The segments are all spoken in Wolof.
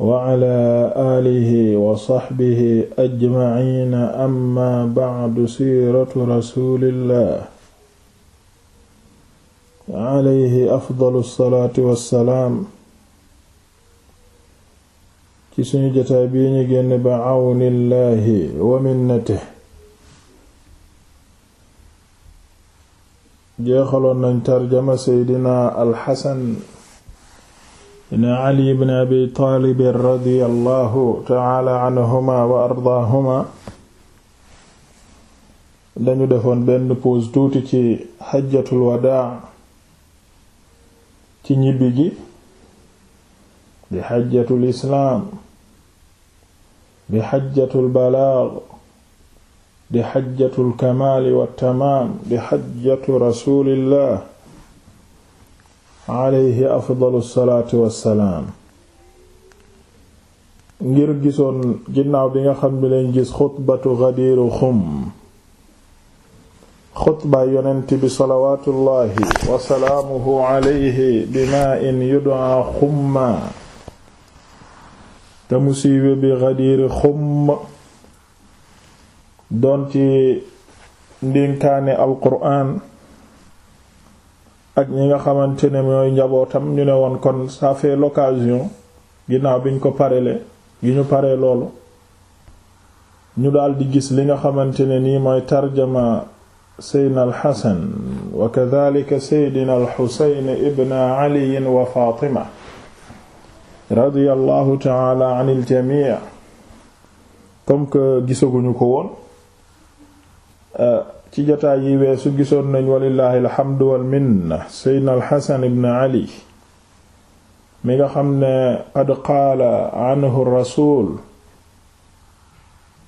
wa ala aalihi wa saxbihi ajmaciina amma bacdu siiratu rasuulillah alayhi afdalu salaatu wa salaam ci suñu jotaay bii ñu génn ba cawnillahi wa minnatihi jeexaloon nañ tarjama seydina ibn ali ibn abi taalib radiyallahu taala anhuma wa ardaahuma dañu defoon benn pause tuuti ci xajjatul wadaa ci ñibbi gi di xajjatul islaam di xajjatul balaag di xajjatul kamaali wa tamaam di xajjatu rasulillah alayhi afdalu salaatu wassalaam ngir gisoon ginnaaw bi nga xam ne gis xutbatu Ghadir Khoum xutba yonent bi salawaatullaahi wa salaamuhu alayhi bimaa in yud'a xumma te mu siiwe bi Ghadir Khoum doon ci ndinkaane alquraan ak nga xamante ne mooy njabootam ñu ne woon kon ça fait l'occasion ginnaaw biñ ko parele gi ñu paree loolu ñu di gis li nga xamante ne nii mooy tarjama seydna alxasan wa kadhalika seydna alxusayn ibn ali wa fatima radiyallahu taala an aljamii comme que gisaguñu ko woon euh, ci jotaay yi weesu gisoon nañ walillahi alhamdu wal minna seydna alxasan ibn ali mi nga xam ne qad qaala anhu rasul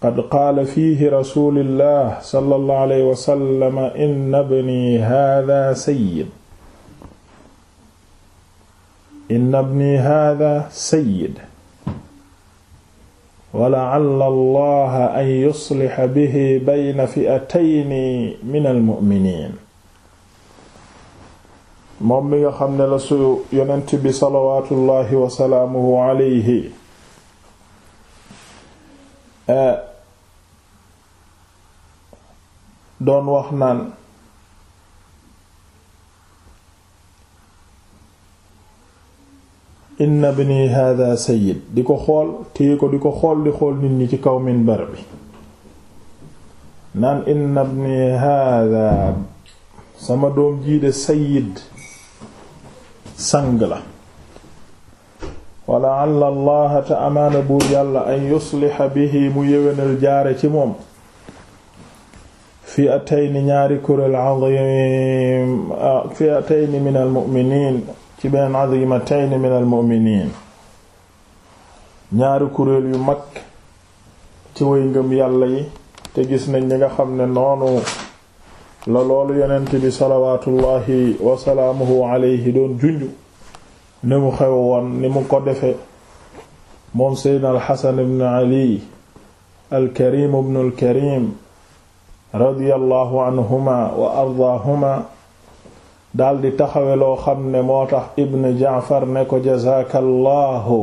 qad qaala fiihi rasulillah sallallahu alayhi wa sallam inna ibni hadha sayyid inna ibni hadha sayyid wala'alla allaha an yuslixa bihi bayna fi'atayni minal mu'miniin moom mi nga xam ne la su yonent bi salawaatullahi wa salaamuhu alayhi eh, doon wax naan inna bni hada sayyid di ko xool téye ko di ko xool di xool nit ci kaw minbar bi naan inna bni hada sama doom jii de sayyid sang wala alla allaha amaana buur yàlla an yuslixa bihi mu yéwénal jaare ci moom fi ñaari kuréel azim fi min almuminin ci benn azimatayn min ñaari kuréel yu mag ci way ngëm yàlla yi te gis nañ ñi nga xam ne noonu la loolu yonent bi salawaatullahi wasalaamuhu mu xew woon ni mu ko defe moom seydna alxasan ibn ali alkarim ibn alkarim radiyallahu anhuma wa ardaahuma daldi taxawe loo xam ne moo tax ibn jaafar ne ko jazaakallaahu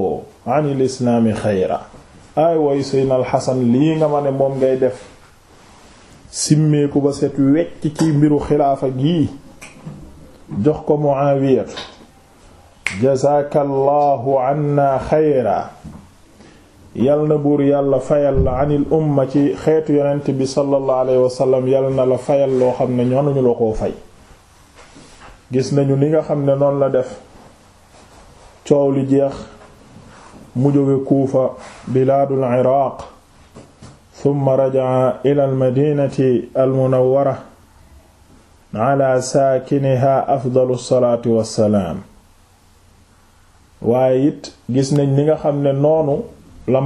anil islaami xayra ay way seydna alxasan lii nga ma ne moom ngay def simmeeku ba set wecc ci mbiru xilaafa gii jox ko muawiyatu jazaakallaahu anna xayra yal na buur yàlla fayal la anil umma ci xeetu yonent bi sallallahu alayhi wasallam yal na la fayal loo xam ne ñoonuñu la koo fay gis nañu ni nga xam ne noonu la def coow jeex mu jóge kuufa bilaadul iraq summa rajaa ila almadinati almunawwara ala saakiniha afdalu waaye it gis nañ ni nga xam ne noonu la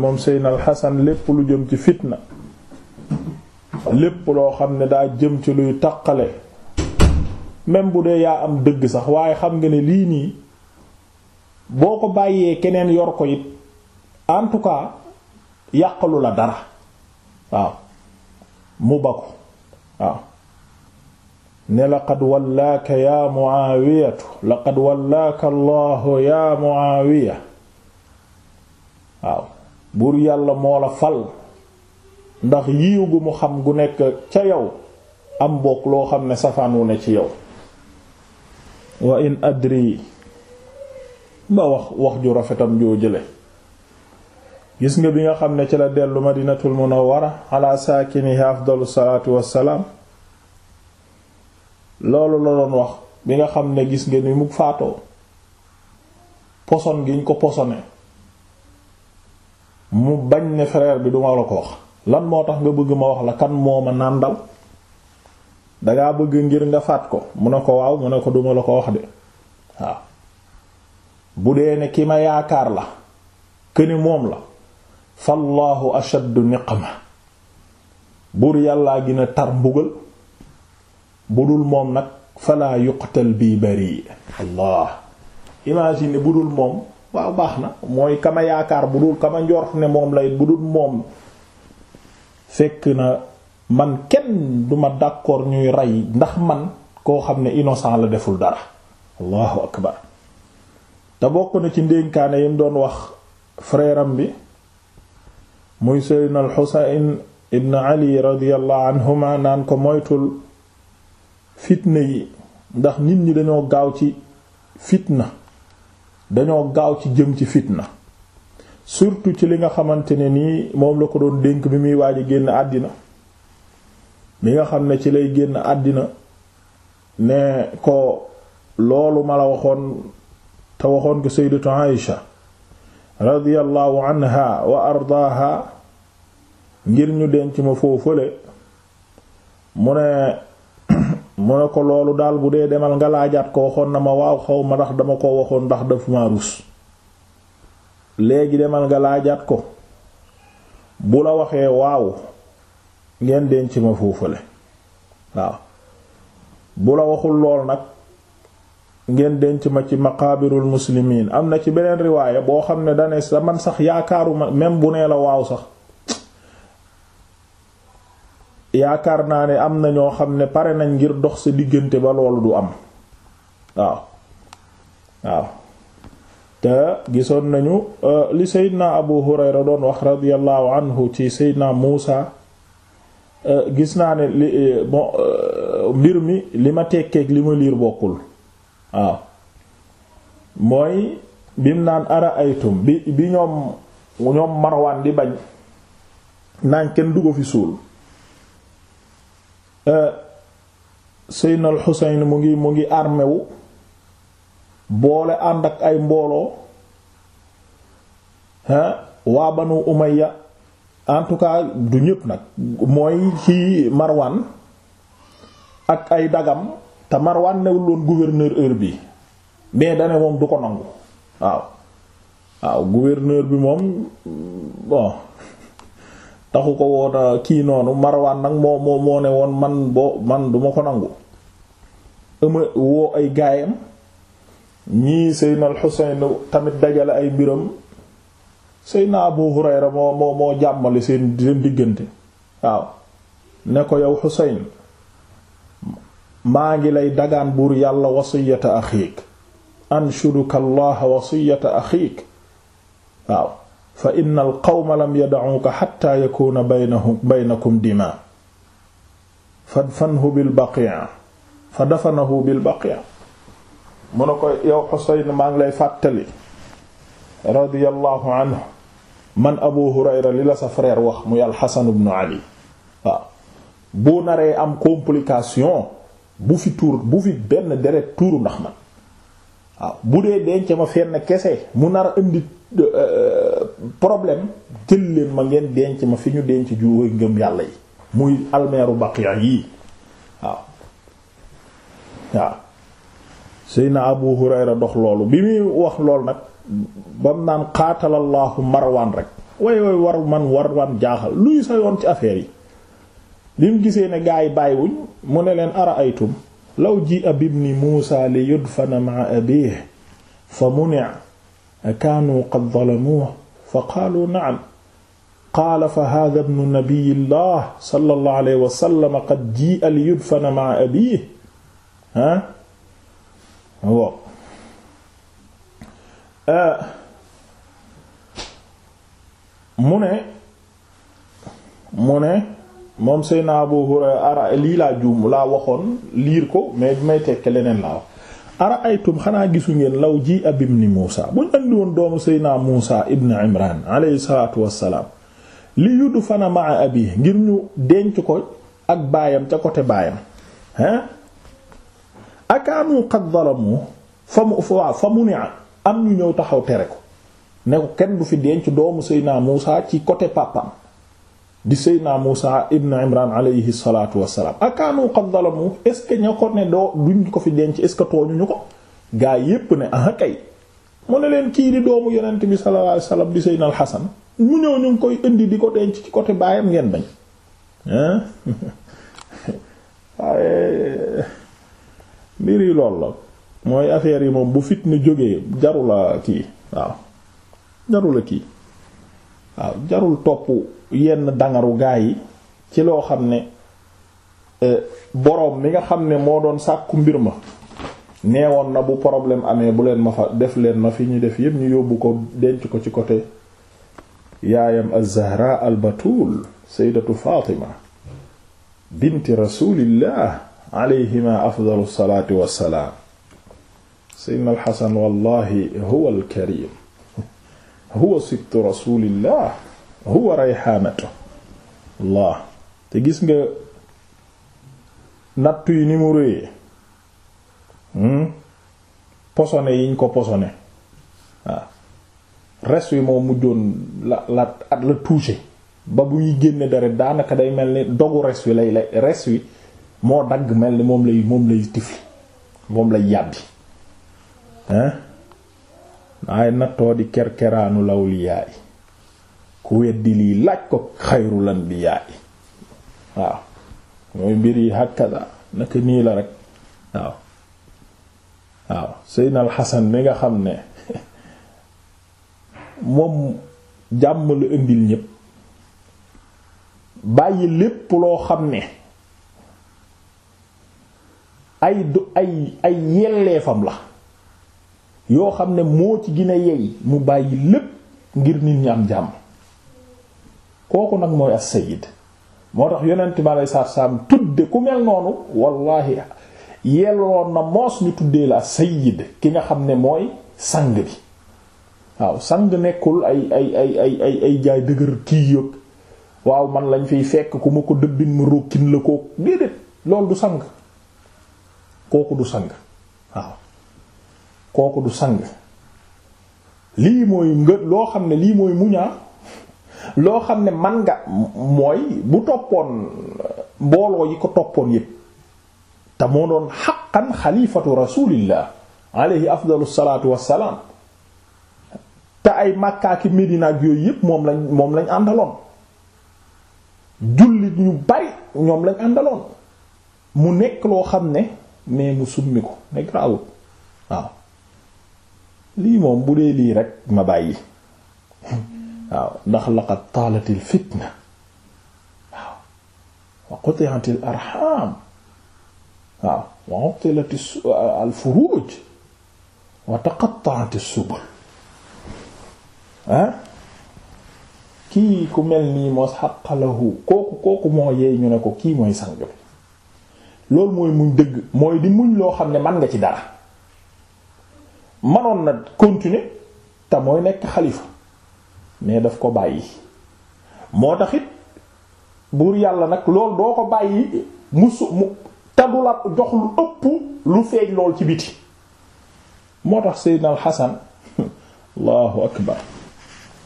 moom seydna alxasan lépp lu jëm ci fitna lépp loo xam ne daa jëm ci luy taqale même bu dee yaa am dëgg sax waaye xam nga ni lii nii boo ko bàyyee keneen yor ko it en tout cas yàqalu la dara waaw mu ba ko waaw ne laqad wallaaka wallaaka allahu ya muawiya waaw buur yàlla moo la fal ndax yiiw gu mu xam gu nekk ca yow am bokk loo xam ne safaan wu ne ci yow wa in adri ba wax wax ju rafetam joo jële gis nga bi nga xam ne ci la dellu ma dinatul madinatul munawwara ala saakinihi afdalu salaatu wassalaam loolu la doon wax bi nga xam ne gis nga ni mu faatoo poson gi ñu ko posone mu bañ ne frère bi duma la ko wax lan moo tax nga bëgg ma wax la kan moo ma nàndal dangaa bëgg ngir nga faat ko mu ne ko waaw mu ne ko duma la ko wax de waaw bu dee ne ki ma yaakaar la këni moom la fallaahu ashaddu niqma buur yàllaa gina tar mbugal bu dul moom nag falaa yuqtal bii bari allah imagine bu dul moom waaw baax na mooy kama yaakaar bu dul kama njort ne moom lay bu dul moom fekk na man kenn duma d'accord ñuy rey ndax man koo xam ne innocent la deful dara allahu akbar te bokk na ci ndénkaane yi mu doon wax frère bi muy seydna al xusayn ibn ali radiyallahu anhuma naan ko moytul fitna yi ndax nit ñi dañoo gaaw ci fitna dañoo gaaw ci jëm ci fitna surtout ci li nga xamante ne nii moom la ko doon dénk bi muy waaj a génn àddina bi nga xam ne ci lay génn àddina ne ko loolu ma la waxoon te waxoon ko sayyidatu Aïsha radiyallahu anha wa ardaaha ngir ñu denc ma foofale mu ne mu ne ko loolu daal bu dee demal nga laajaat ko waxoon na ma waaw xaw ma ndax dama ko waxoon ndax daf ma rus léegi demal nga laajaat ko bu la waxee waaw ngeen denc ma foofale waaw bu la waxul lool nag ngeen denc ma ci maqaabirul muslimiin am na ci beneen riwaaya boo xam ne dane sa man sax yaakaaruma même bu nee la waaw sax yaakaar naa ne am na ñoo xam ne pare nañ ngir dox sa diggante ba loolu du am waaw waaw te gisoon nañu euh, li seydna abu hurayra doon wax radiyallahu anhu ci seydna muusa Euh, gis naa ne li euh, euh, mbir mi li ma tekkeeg li ma liir bokkul waaw mooy bim naan ara aytum bi bi ñoom ñoom marwaan di bañ naan kenn du fi suul seydna al mu ngi mu ngi armé boole ànd ak ay mbooloo ha waa banu en tout cas du ñëpp nag mooy ci Marwan ak ay dagam te Marwan newul woon gouverneur heure bi mais dane moom du ko nangu waaw waaw bi moom bon taxu ko woon kii noonu Marwan nag moo moo ne woon man boo man duma ko nangu ëma woo ay gaayam ñii Seynal Xuseyn tamit dajale ay mbiram Seydina Abu Hurayra moo moo moo jàmmale seen diggante waaw ne ko yow Xuseyn maa ngi lay dagaan buur yàlla wasiyata axiik anshuduka allaha wasiyata axiik waaw fa inna lam yada'uka xatta yakuna baynahum baynakum dima fadfanhu bil baqi'a fa dafanahu bil baqi'a mu ne ko yow Xuseyn maa ngi lay fàttali radiyallahu anhu man abu hurayra li la sa frère wax muy alxasan ibnu ali waaw naree am complication bu fi tuur bu fi benn deret tuuru ndax man waaw bu dee denc ma fenn kese mu nar a indi euh, problème jël leen ma ngeen denc ma fi ñu denc ju woy ngëm yàlla yi muy almeeru baqiya yii waaw waaw seyna abu hurayra dox loolu bi muy wax lool nag bam naan xaatalallahu marwaan rek way way war man warwaan jaaxal luy sa yoon ci affaire yi bi mu gisee ne gaa yi bàyyiwuñ mu ne leen ara aytum law ji ab ibni muusa li yudfana maa abiihi fa muni'a akaanu qad zalamuuhu fa qaalu na'am qaala fa haadha ibnu nabiyillah sallallahu alayhi wa sallam qad jii'a li yudfana maa abiihi ha Euh, mu ne mu ne moom Seydina Abu Hurayra ara lii laa juum laa waxoon liir ko mais bi may tekke leneen laa wax ara aytum xanaa gisu ngeen law ji ab ibni Muusa buñ andi woon doomu Seydina Muusa ibn Imran alayhi salaatu wassalaam li yudd fana maa abi ngir ñu denc ko ak baayam ca côté baayam hein akaanu qad zalamu fa mu fa mu ne am ñu ñëw taxaw tere ko ne ko kenn du fi denc doomu Seydina Muusa ci côté papam di Seydina Muusa ibn Imran alayhi salaatu wassalaam akaanu qad zalamu est ce que ña ko ne doo duñ ko fi denc est ce que tooñuñu ko gaa yépp ne ah kay mu ne leen kii di doomu yonent bi sallallahu alayhi wasallam di Seydina al-Hasan ñëw ñu ngi koy indi di ko denc ci côté baayam ngeen bañ hein waaye mbir lool la mooy affaire yi moom bu fitna jógee jarula kii waaw jarula kii waaw jarul topp yenn dangaru gaa yi ci loo xam ne e, boroom mi nga xam ne moo doon sàkku mbir ma neewoon na bu problème amee bu leen ma fa def leen ma fi ñu def yépp ñu yóbbu ko denc ko ci côté yaayam az-Zahra seydatu batul sayyidatu Fatima binti rasulillah alayhima afdalu salaatu wassalaam seydna alxasan wallahi huwa alkarim huwa sibtu rasulillah huwa rayxaanato allah te gis nga nattu yi ni mu réyee hmm? posone yiñ ko posone res wi moo mujjoon la la at la touché ba bu ñuy génne dara daanaka day mel ni dogu res wi lay res wi moo dagg mel ni moom lay moom lay tifli moom lay yàbbi ay nattoo di kerkeraanu lawliyaa yi ku weddi lii laaj ko xayrul anbiyaa waaw mooy mbir yi hakada naka nii la rek waaw waaw seydna alxasan mi nga xam ne moom jàmm la indil ñépp bàyyi lépp loo xam ne ay du ay ay yelleefam la yoo xam ne moo ci gën a yey mu bàyyi lépp ngir nit ñi am jàmm kooku nag mooy as-sayyid moo tax yonent bi aleyhi salaatu salaam tudde ku mel noonu wallaahi yelloon na moos ñu tuddee la sayyid ki nga xam ne mooy sang bi waaw sang nekkul ay ay ay ay ay jaay dëgër kii yëg waaw man lañ fiy fekk ku ma ko dëbbin mu rokkin la kooku déedéet loolu du sang kooku du sang kooku du sang lii mooy nga loo xam ne lii mooy muñaa loo xam ne man nga mooy bu toppoon mbooloo yi ko toppoon yépp te moo doon xaqan xalifatu rasulillah alayhi afdalu salaatu wassalaam te ay màkkaaki Medina ak yooyu yépp moom lañ moom lañ àndaloon jullit ñu bari ñoom lañ àndaloon mu nekk loo xam ne mais mu summi ko ne grawut waaw lii moom bu dee lii rek ma bàyyi waaw ndax laqad taalatil fitna waaw wa quti'atil arham waaw wa uqtilatis al furuj wa taqatta'atis ah? kii ku mel nii mos xaqalahu kooku kooku moo yeey ñu ne ko kii mooy sang bi loolu mooy muñ dëgg mooy di muñ loo xam ne man nga ci dara manoon na continuer te mooy nekk xalifa mais daf ko bàyyi moo tax buur yàlla nag loolu doo ko bàyyi mu su mu tadu la jox lu ëpp lu feeñ lool ci biti moo tax Seydina al allahu akbar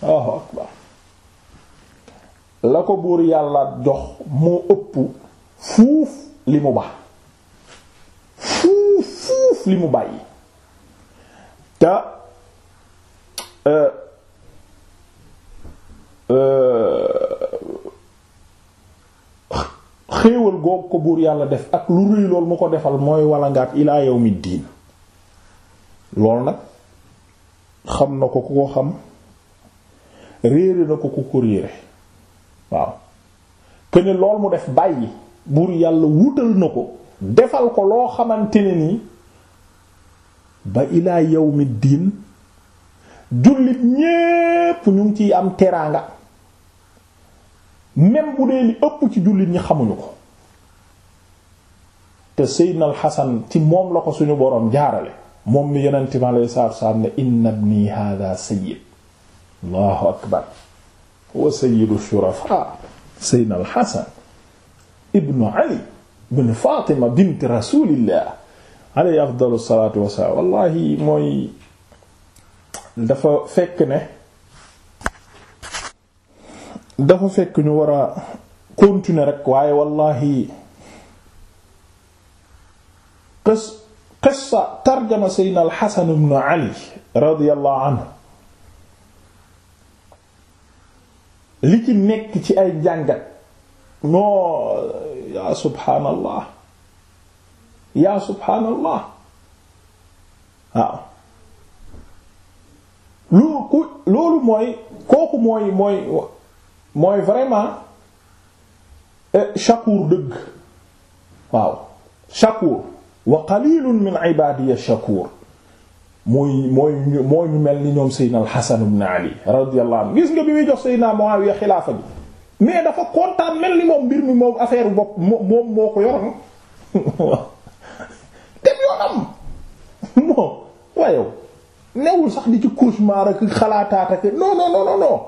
allahu akbar la ko buur yàlla jox moo ëpp fuuf li mu ba fuuf fuuf li mu bàyyi te e, e, xéewal googu ko buur yàlla def ak lu rëy lool mu ko defal mooy walangaat ilaa mi diin loolu nag xam na ko ku ko xam réere na ko ku ko réere waaw këne lool mu def bàyyi buur yàlla wutal na ko defal ko loo xamante nii ba ilaa yawmi diin jullit ñépp ñu ngi am teraanga même bu dee li ëpp ci jullit ñi xamuñu ko te Seydina al Xasan ci moom la ko suñu boroom jaarale moom mi yonent mi alayhi salaatu wasalaam ne inna ibni haadaa sayyid allahu akbar wa sayyidu shurafaa Seydina al Xasan Ali ibnu Faatima bint rasulillah alayhi afdalu salaatu wasalaam wallahi mooy dafa fekk ne dafa fekk ñu war a continuer rek waaye wallahi qis qissa tarjama seydna alxasan ibnu ali radiyallahu anhu li ci nekk ci ay jàngat moo yaa subhaanallah yaa subhaanallah waaw lu ku loolu mooy kooku mooy mooy mooy vraiment eh, shakuur dëgg waaw shakuur wa qalilun min ibadiya shakuur mooy mooy mooy ñu mel ni ñoom seydna alxasan ibn ali radiyallahu anhu gis nga bi muy jox seydna muawiya xilaafa bi mais dafa kontaan mel ni moom mbir mi moom affaire bopp moom moo ko yoroon yoonam non waaye newul sax di ci cauchemar ak xalaataat ak non non non non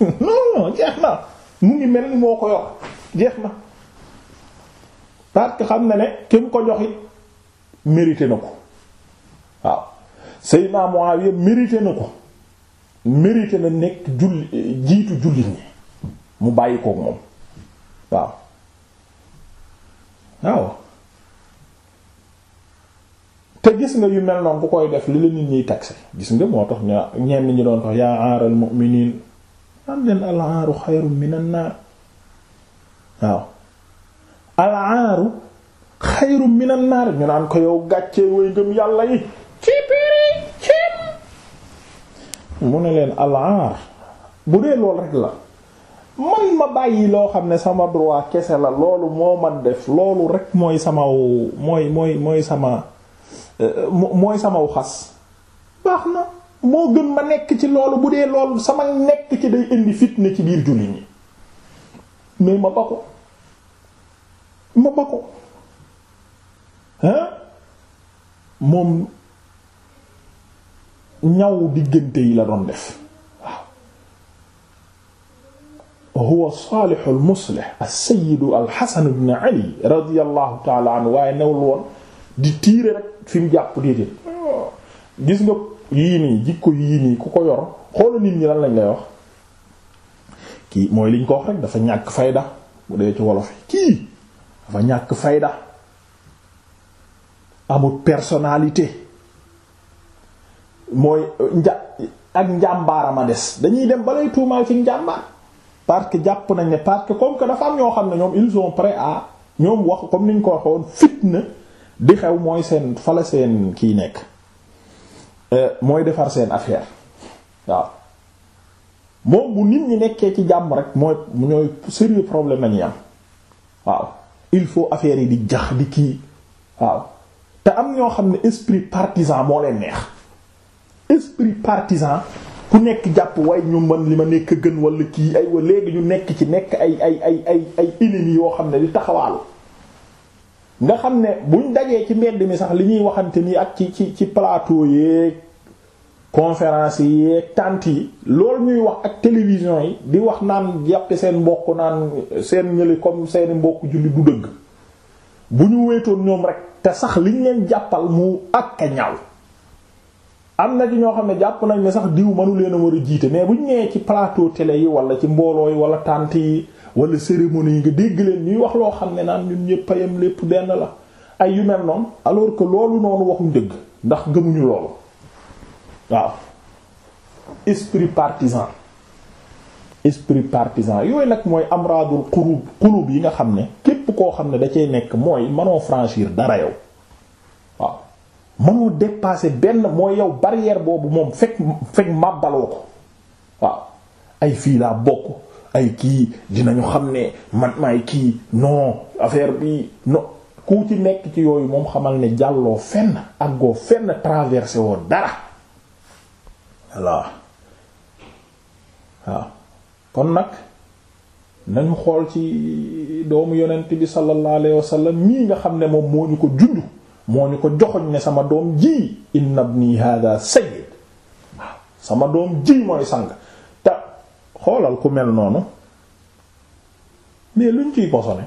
non non jeex na mu ngi mel ni moo ko yor jeex na parce que xam na ne kenn ko jox it mérité na ko waaw Seydina Muawiya mérité na ko mérité na nekk julli jiitu jullit ñi mu bàyyi koog moom waaw waaw te gis nga yu mel noonu bu koy def li la nit ñiy taxe gis nga moo tax ñaa ñenn ñi doon tax yaa aaral mu'miniin am leen al aaru xayrun minan ñu naan ko yow gàccee way gëm yàlla yi ci piri cim mu ne leen al bu dee lool rek la man ma bàyyi loo xam ne sama droit kese la loolu moo ma def loolu rek mooy sama mooy mooy mooy sama Euh, mooy samaw xas baax na moo gën ma nekk ci loolu bu dee loolu sama nekk ci day indi fitna ci biir jullit ñi mais ma ba ko ma ba ko hein moom ñaw diggante yi la doon def huwa saalixul muslix as-sayyid al-Hasan ibn Ali radiyallahu ta'ala anhu waaye newul woon di tiire rek fi mu jàpp déedéet gis nga yii nii jikko yii nii ku ko yor xoolal nit ñi lan lañ lay wax kii mooy liñ ko wax rek dafa ñàkk fayda mu dee ci wolof kii dafa ñàkk fayda amul personnalité mooy euh, nja ak njàmbaara ma des dañuy dem ba lay tuumaal ci njàmbaar parce que jàpp nañ ne parce que comme que dafa am ñoo xam ne ñoom ils sont prêts à ñoom wax comme niñ ko waxoon fitna. di xew mooy seen fala seen kiy nekk euh, mooy defar seen affaire waaw moom bu nit ñi nekkee ci jàmm rek mooy ñooy sérieux problème lañuy am waaw il faut affaire yi di jax di kii waaw te am ñoo xam ne esprit partisan moo leen neex esprit partisan ku nekk jàpp waaye ñu mën li ma nekk gën wala kii ay wa léegi ñu nekk ci nekk ay ay ay ay ay ennemis yoo xam ne di taxawaalu nga xam ne buñ dajee ci mbedd mi sax li ñuy waxante ni ak ci ci ci plateau yeeg conférence yeeg tant yi lool ñuy wax ak télévision yi di wax naan yàpp seen mbokk naan seen ñëli comme seen mbokk julli du dëgg bu ñu wéetoon ñoom rek te sax liñ leen jàppal mu ak a ñaaw am na ci ñoo xam ne jàpp nañ ne sax diw mënu leen a war jiite mais bu ñu nee ci plateau télé yi wala ci mbooloo yi wala tant yi wala cérémonie yi nga dégg leen ñuy wax loo xam ne naan ñun ñëpp ayam lépp benn la ay yu mel noonu alors que loolu noonu waxuñ dëgg ndax gëmuñu loolu waaw esprit partisan esprit partisan yooyu nag mooy amradul qulub qulub yi nga xam ne képp koo xam ne da cay nekk mooy mënoo franchir dara yow waaw mënoo dépasser benn mooy yow barrière boobu moom fekk fekk màbbaloo ko waaw ay fii laa bokk ay kii dinañu xam ne man maay kii non affaire bi non ku ci nekk ci yooyu moom xamal ne jàlloo fenn ak fenn traversé woo dara voilà waaw kon nag nañu xool ci doomu yonent bi sallallahu alayhi wasallam mii nga xam ne moom moo ñu ko jundu moo ñu ko joxoñ ne sama doom ji inna ibni hada sayyid waaw sama doom ji mooy sang xoolal ku mel noonu mais luñ ciy posone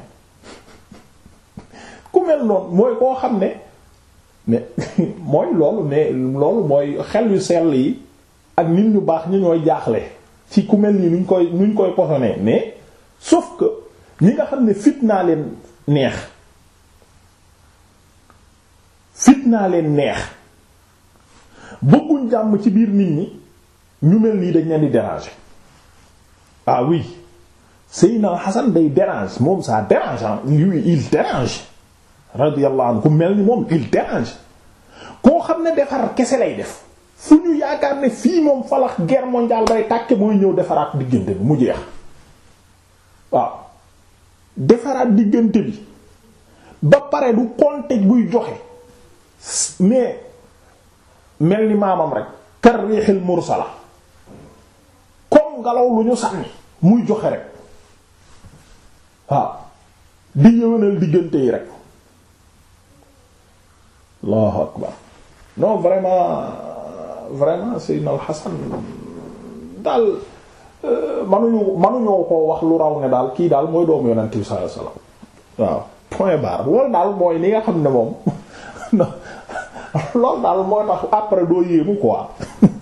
ku mel noonu mooy koo xam ne mais mooy loolu ne loolu mooy xel yu sell yi ak nit ñu baax ñi ñooy jaaxle ci ku mel nii nuñ koy nuñ koy posone mais sof que ñi nga xam ne fit naa leen neex fit naa leen neex bëgguñ jàmm ci biir nit ñi ñu mel nii dañ leen di déranger ah oui Seydina Hassan day dérange moom ça dérange ah, lui il dérange radiyallahu anhu ku mel ni moom il dérange koo xam ne defar kese lay def fu ñu yaakaar ne fii moom falax guerre mondiale bay tàkke mooy ñëw defaraat diggante bi mu jeex waaw defaraat diggante bi ba pare du contexte buy joxe mais mel ni maamam rek karrihil mursala ngelaw lu ñu sànni muy joxe rek waaw di yëwénal diggante yi rek allahu akbar non vraiment vraiment Seydina Al Hasan daal euh, manuñu manuñoo ko wax lu raw ne daal kii daal mooy doom yonent bi sallallahu alayhi wasallam waaw point barre loolu daal mooy li nga xam ne moom loolu daal mooy tax après doo yéemu quoi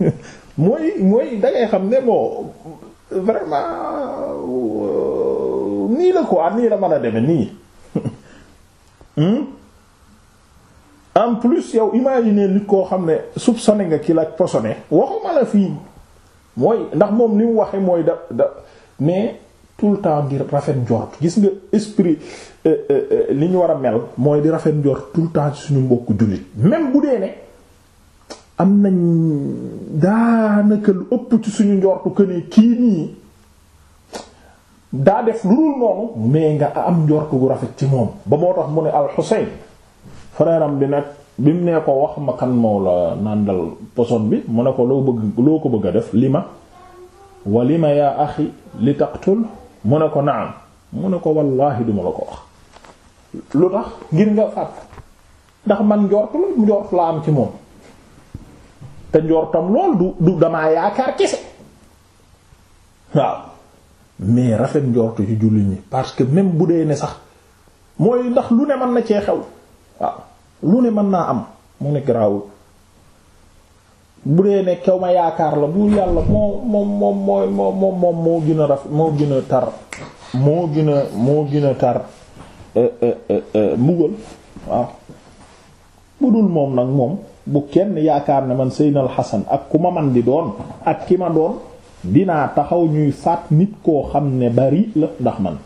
mooy mooy dangay xam ne bon vraiment euh, nii la quoi nii la mën a deme nii hmm? en plus yow imaginer li koo xam ne sone nga ki la posone waxuma la fii mooy ndax moom li mu waxe mooy da da mais tout le temps di rafet njort gis nga esprit euh, euh, li ñu war a mel mooy di rafet njort tout le temps suñu mbokku jullit même bu dee ne am nañ daanaka lu ëpp ci suñu njortu que ne kii nii daa def lu dul noonu mais nga am njortu gu rafet ci moom ba moo tax mu ne al-Husayn bi nag bi mu nee ko wax ma kan moo la nàndal poson bi mu ne ko loo bëgg loo ko bëgg a def li ma wa li ma yaa axi li taqtul mu ne ko naam mu ne ko wallaahi duma la ko wax lu tax ngir nga fàtt ndax man njort la njort la am ci moom te njortam lool du du damaa yaakaar kese waaw mais rafet njortu ci jullit ñi parce que même bu dee ne sax mooy ndax lu ne mën na cee xew waaw lu ne mën naa am mu ne garaawul bu dee ne kew ma yaakaar la bu yàlla moo moom moom mooy moo moom moom moo gën a raf moo gën a tar moo gën a moo gën a tar euh, euh, euh, mbugal waaw bu dul moom nag moom bu kenn yaakaar ne man Seynal Xasan ak ku ma man di doon ak ki ma doon dinaa taxaw ñuy faat nit koo xam ne bari la ndax man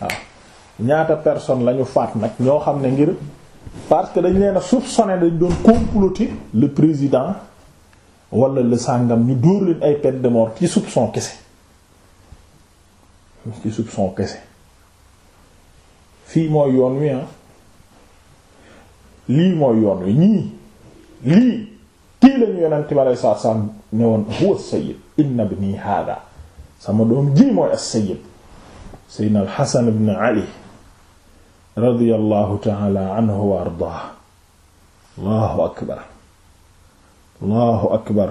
waaw ñaata personne lañu faat nag ñoo xam ne ngir parce que dañ leen a soupçonné dañ doon comploter le président wala le sàngam ñu dóor ay peine de mort ci soupçon kese ci soupçon kese fii mooy yoon wi ah lii mooy yoon wi ñii lii kii lañu yonent bi alei saatu salaam ne woon huwa sayyid inna ibni hada sama doom ji mooy as-sayyid seydna alxasan ibn ali radiyallahu taala anhu wa ardaah allahu akbar allahu akbar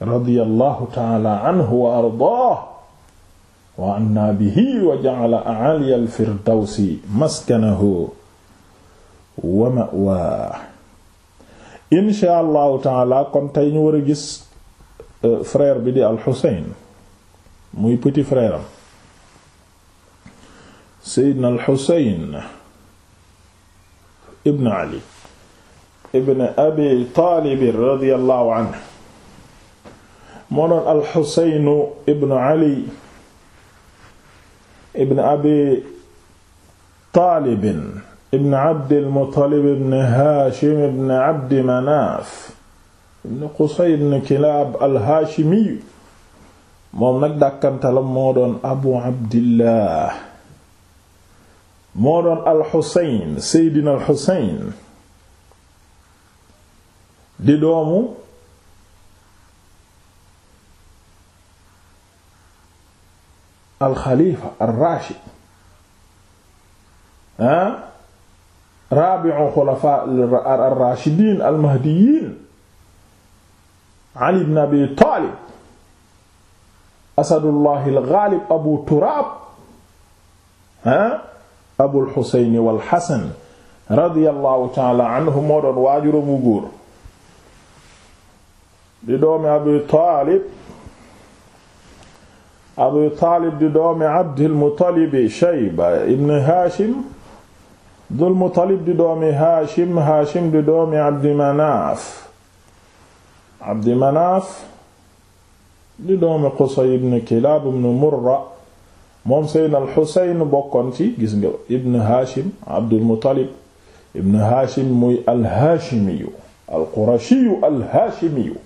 radiyallahu taala anhu wa ardaah wa anna bihi wa ja'ala a'ali al-firdawsi maskanahu wa ma'waa insha allahu taala kon tey ñu war a gis euh, frère bi di al xuseyn muy petit frère am seydna al xuseyn ibn ali ibn abi taalib radiallahu anhu moo doon al xuseynu ibn ali ibn abi taalib ibn abdil muttalib ibn haashim ibn abdi manaaf ibn qusay ibn kilaab alhaashimiyu moom nag dàkkantalam moo doon abu abdillah moo doon alxusayn seydina alxusayn di doomu alxalifa alraashid ah raabi'u xulafaa ar-raashidiin al-mahdiyyiin Ali ibn Abi Taalib asadullah al-ghaalib Abu Turaab ah Abul Husayn wal Hasan radiyallahu ta'ala anhu moo doon waajur bu góor di doomi Abi Taalib Abi Taalib di doomi Abdul Muttalib Shayba ibn Haashim Dul Muttalib di doomi Haashim Haashim di doomi Abdi Manaaf Abdi Manaaf di doomi Qusay ibn Kilaab ibn Murra moom Seydina al-Xuseyn bokkoon ci gis nga ibn Haashim Abdul Muttalib ibn Haashim muy al-Haashimiyu al-Qurashiyu al-Haashimiyu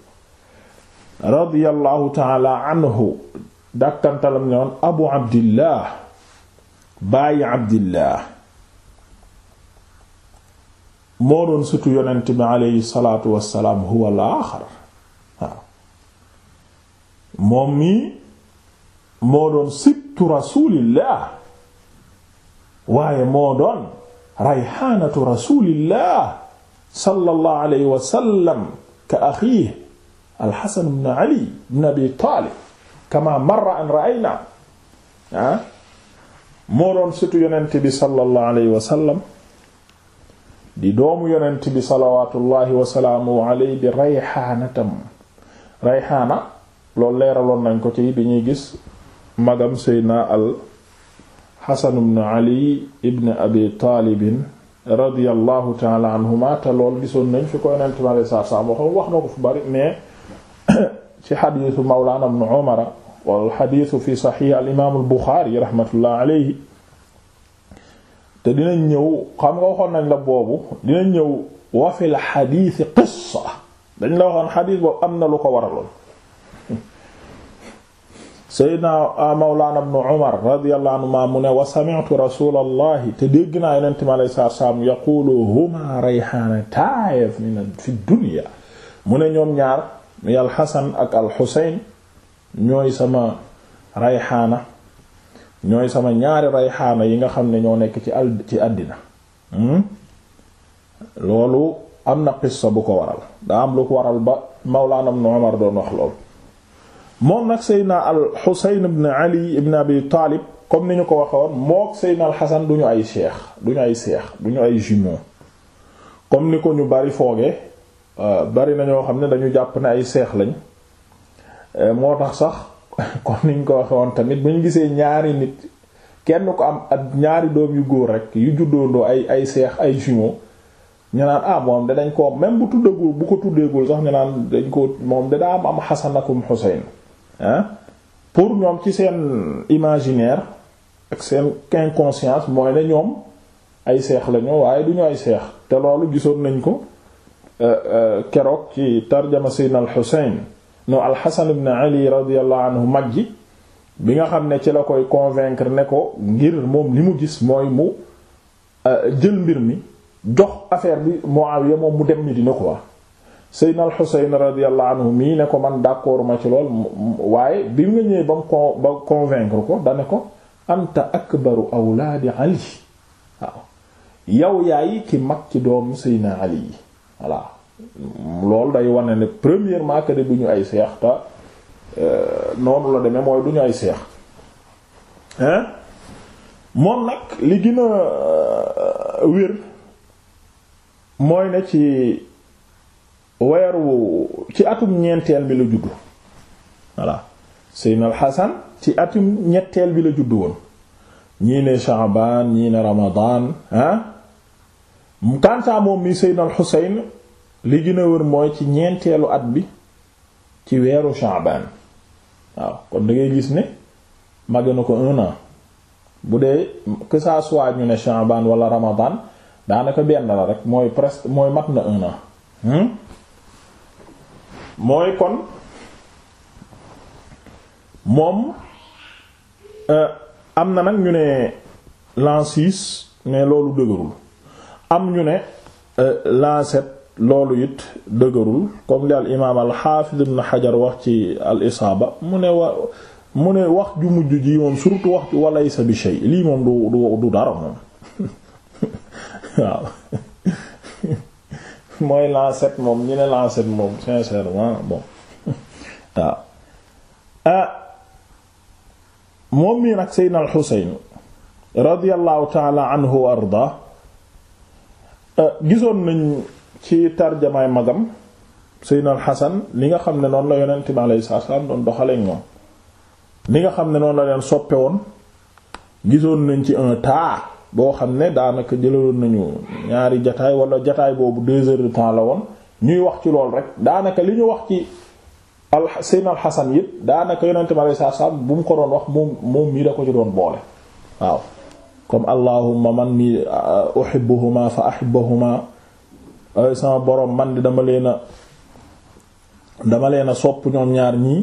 radiyallahu ta'ala anhu dàkkantalam ñoon Abu Abdillah baayu Abdillah moo doon sutu yonent bi aleyhi salaatu wassalaam huwa al-aaxar waaw moom mi moo doon sibtu rasulillah waaye moo doon rayhaanatu rasulillah sallallahu alayhi wa sallam ka axiihi al-Hasan ibn Ali ibn Abi Taalib kamaa marra an ra'aynaa ah. moo doon sutu yonent bi sallallahu alayhi wa sallam di doomu yonent bi salawaatullahi wasalaamu alayhi di rayxaanatam rayxaana loolu leeraloon nañ ko ci bi ñuy gis magam seydna al xasan ibn ali ibn abi taalibin radiallahu taala anhuma te lool gisoon nañ fi ko yonent bi alayhi salaam waxoon wax na ko fu bari mais ci xadiisu mawlaana ibn umara wal xadiisu fi saxiix al imaamul buxaari te dinañ ñëw xam nga boobu dinañ ñëw wa fil la waxoon xadiis boobu am lu ko waraloon seydna ah, mawlaana ibnu umar radiyallahu anhuma mu ne wa sami'tu rasulallahi te dégg naa yonente mi alayhi salaatu salaam yaqulu huma rayhaanataaya fi dunya mu ñoom ñaar muy alxasan ak alxuseyn ñooy sama rayhaana ñooy sama ñaari rayxaana yi nga xam ne ñoo nekk ci al ci àddina hmm? loolu am na qissa bu ko waral daa am lu ko waral ba mawlaana ibn Umar doon wax lool moom nag seydna al Xuseyn ibn Ali ibn Abi Taalib comme ni ñu ko waxe moo mook seydna al Xasan duñu ay seex du ay seex du ay jumeaux comme ni ko ñu bari fooge euh, bari na ñoo xam ne dañu jàpp ne ay seex lañ euh, moo tax sax kon niñ ko waxoon tamit ñu gisee ñaari nit kenn ko am ak ñaari doom yu góor rek yu juddoondoo ay ay seex ay jumeaux ñu naan ah moom de dañ ko même bu tuddagul bu ko tuddeegul sax ñu naan dañ ko moom de daa am am Hasan akum Husayn ah pour ñoom ci seen imaginaire ak seen inconscience mooy ne ñoom ay seex lañu waaye du ñu ay seex te loolu gisoon nañ ko euh, euh, keroog ci tarjama Sayyidina al-Husayn no alxasan ibn ali radiallahu anhu mag ji bi nga xam ne ci la koy convaincre ne ko ngir moom li mu gis mooy mu euh, jël mbir mi jox affaire bi Muawiya moom mu dem Medina quoi Seydina al-Husayn radiyallahu anhu ko man d'accord ma ci lool waaye bi nga ñëwee ba mu con ko dane ne ko anta akbaru awlaadi Ali yow yaay ki mag ci doomu Seydina Ali yi voilà loolu day wane ne premièrement que ne du ñu ay seex ta euh, noonu la demee mooy du ñu ay seex hein moom nag li gën a euh, wér mooy ne ci weeru ci atum ñeenteel bi la juddu voilà Seydina Al ci atum ñetteel bi la juddu woon ñii ne Sha'ban ñii ne Ramadan ah Kantaa moom mi Seydina Al li gën a mooy ci ñeenteelu at bi ci weeru Sha'ban waaw kon da gis ni màgg na ko un bu dee que ça soit ñu ne Sha'ban wala Ramadan daanaka benn la rek mooy presque mooy mat na un hmm? mooy kon moom euh, am na nag ñu ne l'an mais loolu dëgërul am ñu ne euh, l'an loolu it dëgërul comme li al imaam al xaafiz xajar wax ci al isaaba mu ne wa mu ne wax ju mujj ji moom surtout wax ci walaysa bi shay lii moom du du du dara moom mooy lancet moom ñu ne lancet moom sincèrement bon waaw ah. moom mii nag seydna al xuseyn radiyallahu anhu wa arda eh, gisoon nañ ci tarjamaay magam Seydina Xasan li nga xam ne noonu la yonent bi alayhi salaam doon doxaleek li nga xam ne noonu la leen soppe woon gisoon nañ ci un tas boo xam ne daanaka jëlaloon nañu ñaari jataay wala jataay boobu deux heures de temps la woon ñuy wax ci lool rek daanaka li ñu wax ci al Seydina Xasan yëpp daanaka yonent bi alayhi salaam bu mu ko doon wax moom moom mii da ko ci doon boole waaw comme allahumma man mi uh, uhibbuhuma fa ahibbuhuma ay sama borom man di dama leen a dama leen a sopp ñoom ñaar ñii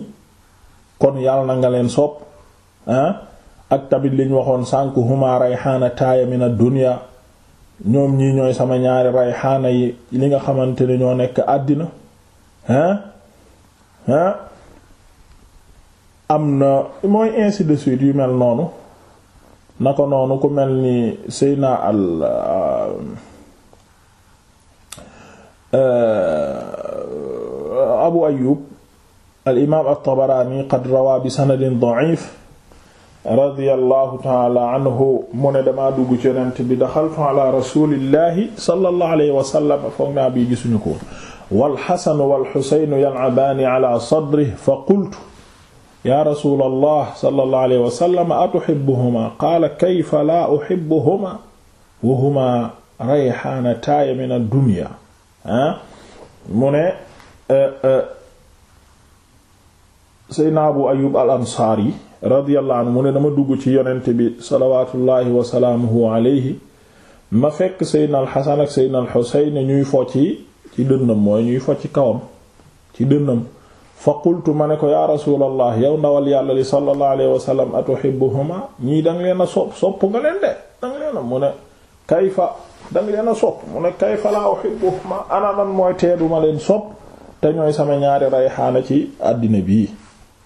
kon yàlla na nga leen sopp ah? ak tamit liñ waxoon sànk huma rayhaana taaya mina dunya ñoom ñii ñooy sama ñaari rayhaana yi li nga xamante ne ñoo nekk àddina ah? am na mooy ainsi de suite yu mel noonu naka noonu ku mel ni sëy naa al Euh, abu ayub al imaam at-Tabaraani qad rawaa bi sanadin da'if radiyallahu taala anhu mu ne damaa dugg ci yonent bi daxaltu ala rasulillahi sallallahu alayhi wa sallam foog naa bii gisuñu ko walxasanu walxusaynu yalcabaani ala sadrihi fa qultu yaa rasulallah sallallahu alayhi wa sallam atuhibbuhumaa qaala kayfa laa uhibbuhumaa wa humaa rayhaanataaya mina dunya mu ne eh, eh, Seydina Abu Ayyub al Ansaari mu ne dama dugg ci yonent bi salawaatullaahi wa salaamuhu alayhi ma fekk Seydina al Xasan ak Seydina ñuy fo ci ci dënnam mooy ñuy fo ci kawam ci dënnam fa qultu ma ne ko yaa rasuulallah yow ndawal yàlla li sallallahu alayhi wa sallam atuhibbuhuma ñii danga leen sopp sopp nga leen de danga leen mu ne kayfa danga leen a sopp mu ne kay falaa uhibbuhuma ana lan mooy teeduma leen sopp te ñooy sama ñaari rayxaana ci àddina bii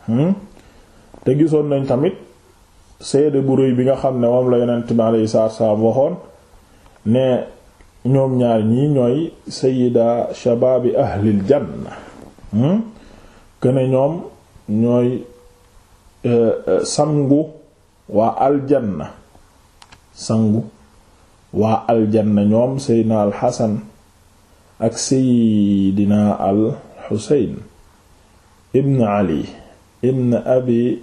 hmm? te gisoon nañ tamit seede bu rëy bi nga xam ne moom la yonent bi alayhi salaatu ñoom ñaar ñii ñooy sayida shabaabi ahlil janna hmm? ñoom ñooy eh, eh, sangu waa aljanna sangu waa aljanna ñoom seydina al xasan ak seydina al xuseyn ibn ali ibn abi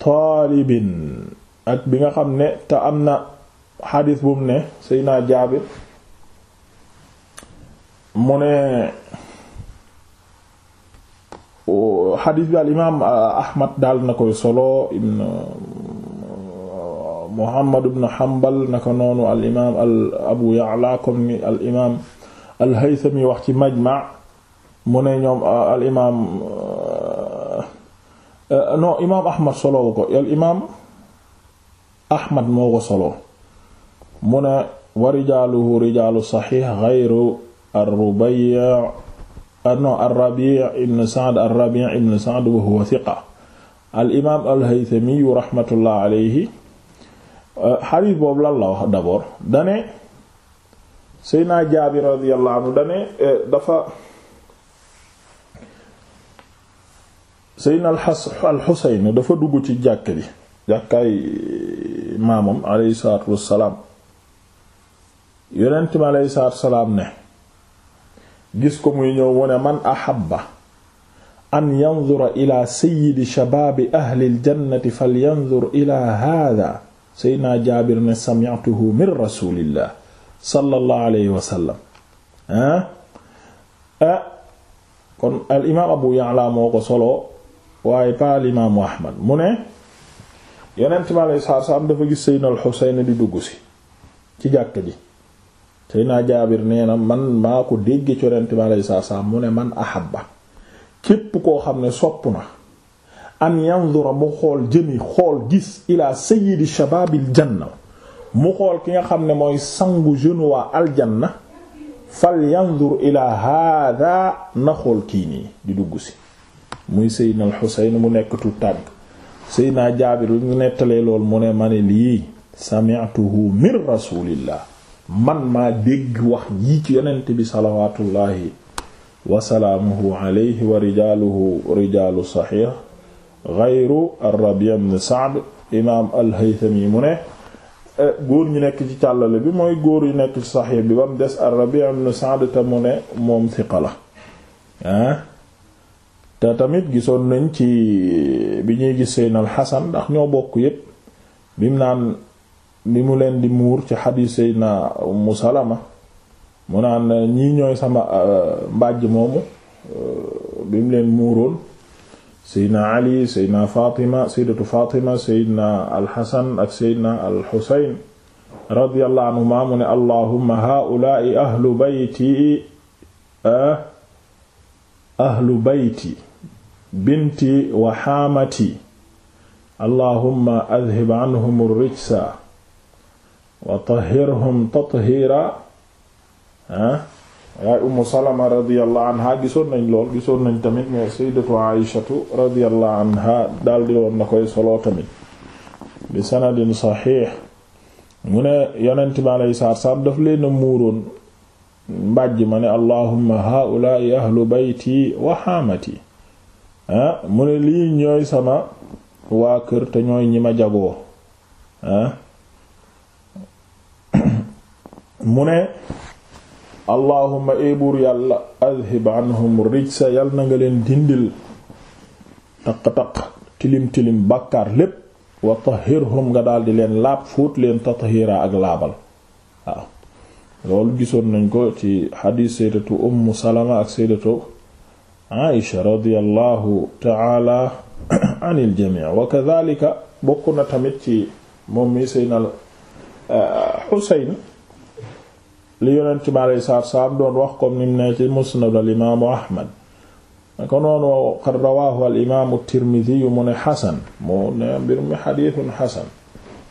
taalibin ak bi nga xam ne te am na xadiis bu mu ne seydina jaabir mu ne xadiis bi al imaam ahmad daal na koy solo ibn Muhammad ibn Hanbal naka noonu al imaam al Abu Ya'la comme ni al imaam al Haythami wax ci Majma' mu ne ñoom al imaam non imaam Ahmad solowu ko al imaam Ahmad moo ko solo mu ne wa rijaaluhu rijaalu saxiix ghayru ar-Rubayyi non ar-Rabii' ibn Sa'd ar-Rabii' ibn Sa'd wa huwa thiqa al imaam al Haythami rahmatullah alayhi Euh, xadiis boobu lan la wax d'abord dane Seydina Jaabir radiyallahu dane euh, dafa Seydina al dafa dugg ci jàkk ji jàkkaay euh, maamam alayhi salaatu wassalaam yonent mi alayhi salaatu wassalaam ne gis ko muy ñëw mu man ahabba an yanzura ila sayyidi shabaabi ahli aljannati falyanzur ila haadaa seydna jaabir ne sami'tuhu min rasulillah sallallahu alayhi wa sallam ah, kon al imaam abu ya'la moo ko solo waaye pa al imaamu ahmad mu ne yonent mi alayhi salaatu dafa gis seydna al xuseyn di dugg si ci jàkk ji seydna jaabir nee na man maa ko dégg ci yonent mi alayhi salaatu mu ne man ahabba képp koo xam ne sopp na an yanzura mu xool jëmi xool gis ila sayyidi shabaabil janna mu xool ki nga xam ne mooy sangu jeune waa aljanna fal yanzur ila hada na xool kii nii di dugg si muy seydna al xuseyn mu nekk tu tànk seydna jaabir bi mu nettalee lool mu ne ma ne lii sami'tuhu min rasulillah man maa dégg wax yi ci yonent bi salawatullahi wa salaamuhu alayhi wa rijaaluhu rijaalu saxiix ghayru ar-Rabi' ibn Sa'd imaam al-Haythami mu ne eh, góor ñu nekk ci càllale bi mooy góor yu nekk ci saxiix bi ba mu des ar-Rabi' ibn te mu ne moom siqa la te tamit gisoon nañ ci bi ñuy gis Seynal Xasan ndax ñoo bokk yépp bi mu naan bi mu leen di muur ci xadiis Seyna Umm Salama mu naan ñii ñooy sama eh, mbàjj moomu eh, bi mu leen muuroon seydna ali seydna fatima saydatu fatima seydna alxasan ak seydna alxusayn radiyallahu anhuma mu ne allahumma haa'ulaa'i ahlu bayti ahlu bayti binti wa xaamati allahumma adhib anhum ar-rijsa wa tahhirhum tathiira yaay ummu salama radiyallahu anha gisoon nañ lool gisoon nañ tamit ne sayyidatu aishatu radiyallahu anha daldi woon na koy solo tamit bi sanadin saxiix mu ne yonent bi alayhi salaatu salaam daf leen a muuroon mbàjj ma ne allahumma haa'ulaa'i ahlu bayti wa haamati ah, mu ne lii ñooy sama waa kër te ñooy ñi ma jagoo ah, mu ne allahumma eebuur yàlla adhib anhum rijsa yal na nga leen dindil taq-taq tilim-tilim bàkkaar lépp wa tahhirhum nga daldi leen laab fóot leen tathiira ak laabal waaw loolu gisoon nañ ko ci xadiis saydatu ummu salama ak saydatu aisha radiyallahu taala anil jamii wa kadhalika bokk na tamit ci moom mi seynal xuseyn uh, li yonent bi alayhi salaatu salaam doon wax comme nim ne ci musnad al imaamu ahmad ko noonu qad rawaahu al imaamu tirmidi mu ne xasan mu ne mbir mi xadiisun xasan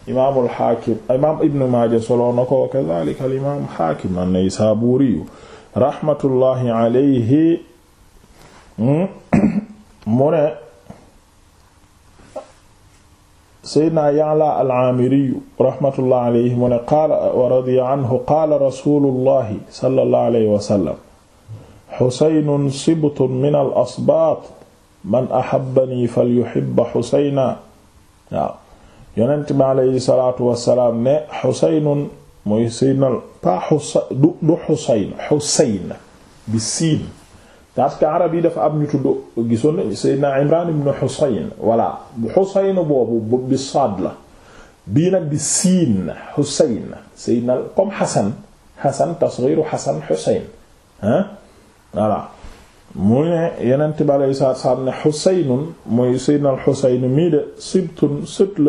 imaamul xaakim imaam ibnu maaja solo na ko kazaalika al imaamu xaakim an-naysaabuuri raxmatullaahi alayhi mu ne seydna ya'la al-aamiriyu raxmatullah alayhi mu ne qaala wa radiya anhu qaala rasulullahi sallallahu alayhi wa sallam xusaynun sibtun min al asbaat man axabanii falyuxibba xusayna waaw yonent bi alayhi salaatu wasalaam ne xusaynun mooy seydna pa du xusayna xusayna bi siin parce que arab yi dafa ab ñu tudd gisoon nañ Seydina Imran ibn Husayn voilà Husayn boobu bi saad la bii bi siin Husayn Seydina comme Hasan Hasan tasghiru Hasan Husayn ah voilà la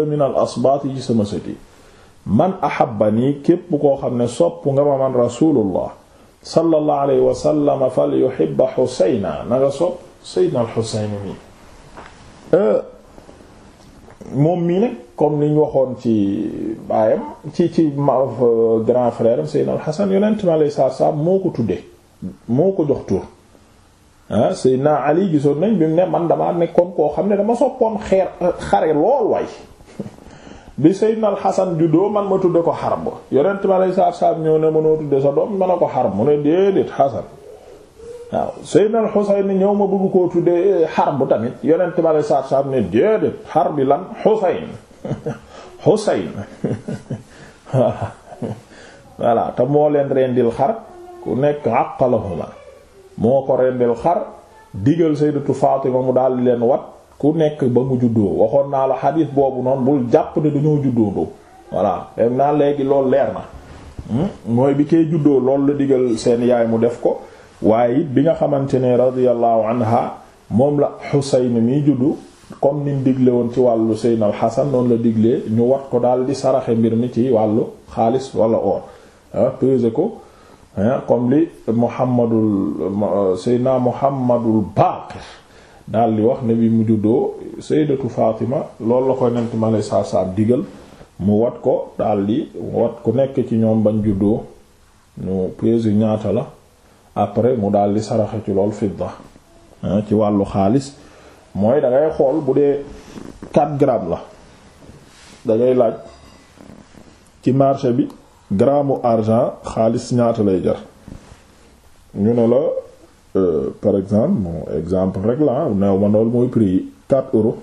min al asbaat yi sama sët yi man ahabbani képp koo xam ne sopp nga ma man Rasulullah sallallahu alayhi wa sallam fal yuhibba Xusayna na nga sopp Seydina al-Xusayn mi euh, moom mii nag comme liñ waxoon ci baayam ci ci euh, grand frère Seydina al-Xasan yonent mi alayhi salaatu salaam moo ko tuddee moo ko jox tur ah Ali gisoon nañ bi mu ne man damaa nekkoon koo xam ne dama soppoon xeer xare lool waay bi Seydina Alxasan juddoo man ma tudde ko Harb yonent ma lay saab saab ñëw ne mënoo tudde sa doom man a ko Harb mu ne déedéet Xasan waaw Seydina Alxuseyn ñëw ma bëgg koo tudde eh, bu tamit yonent ma lay saab saab ne déedéet Harb bi lan Xuseyn Xuseyn voilà te moo leen rendil xar ku nekk àqalahuma moo ko rendil xar digal Sayyidatu Faatima mu daal leen wat ku nekk ba mu juddoo waxoon naa la xadiis boobu noonu bul jàpp ne dañoo juddoondoo voilà dem naa léegi lool leer na hmm? mooy bi koy juddoo loolu la digal seen yaay mu def ko waaye it bi nga xamante ne radiyallahu anha moom la Xuseyn miy juddu comme ni mu digle woon ci wàllu Seydina Al Xasan noonu la digle ñu wat ko daal di saraxe mbir mi ci wàllu xaalis wala or ah pesé ko ah, comme li Muhammadul Seydina Muhammadul Baqir daal di wax ne bi mu juddoo sayyidatu Fatima loolu la koy nent ma lay saa saa digal mu wat ko daal di wat ku nekk ci ñoom bañ juddoo ñu pèse ñaata la après mu daal di saraxe ci lool fidda ci wàllu xaalis mooy da xool bu dee 4 grammes la da laaj ci marché bi gramme argent xaalis ñaata lay jar ñu ne la. Euh, par exemple bon exemple rek la neew ma loolu mooy prix yi 4 euros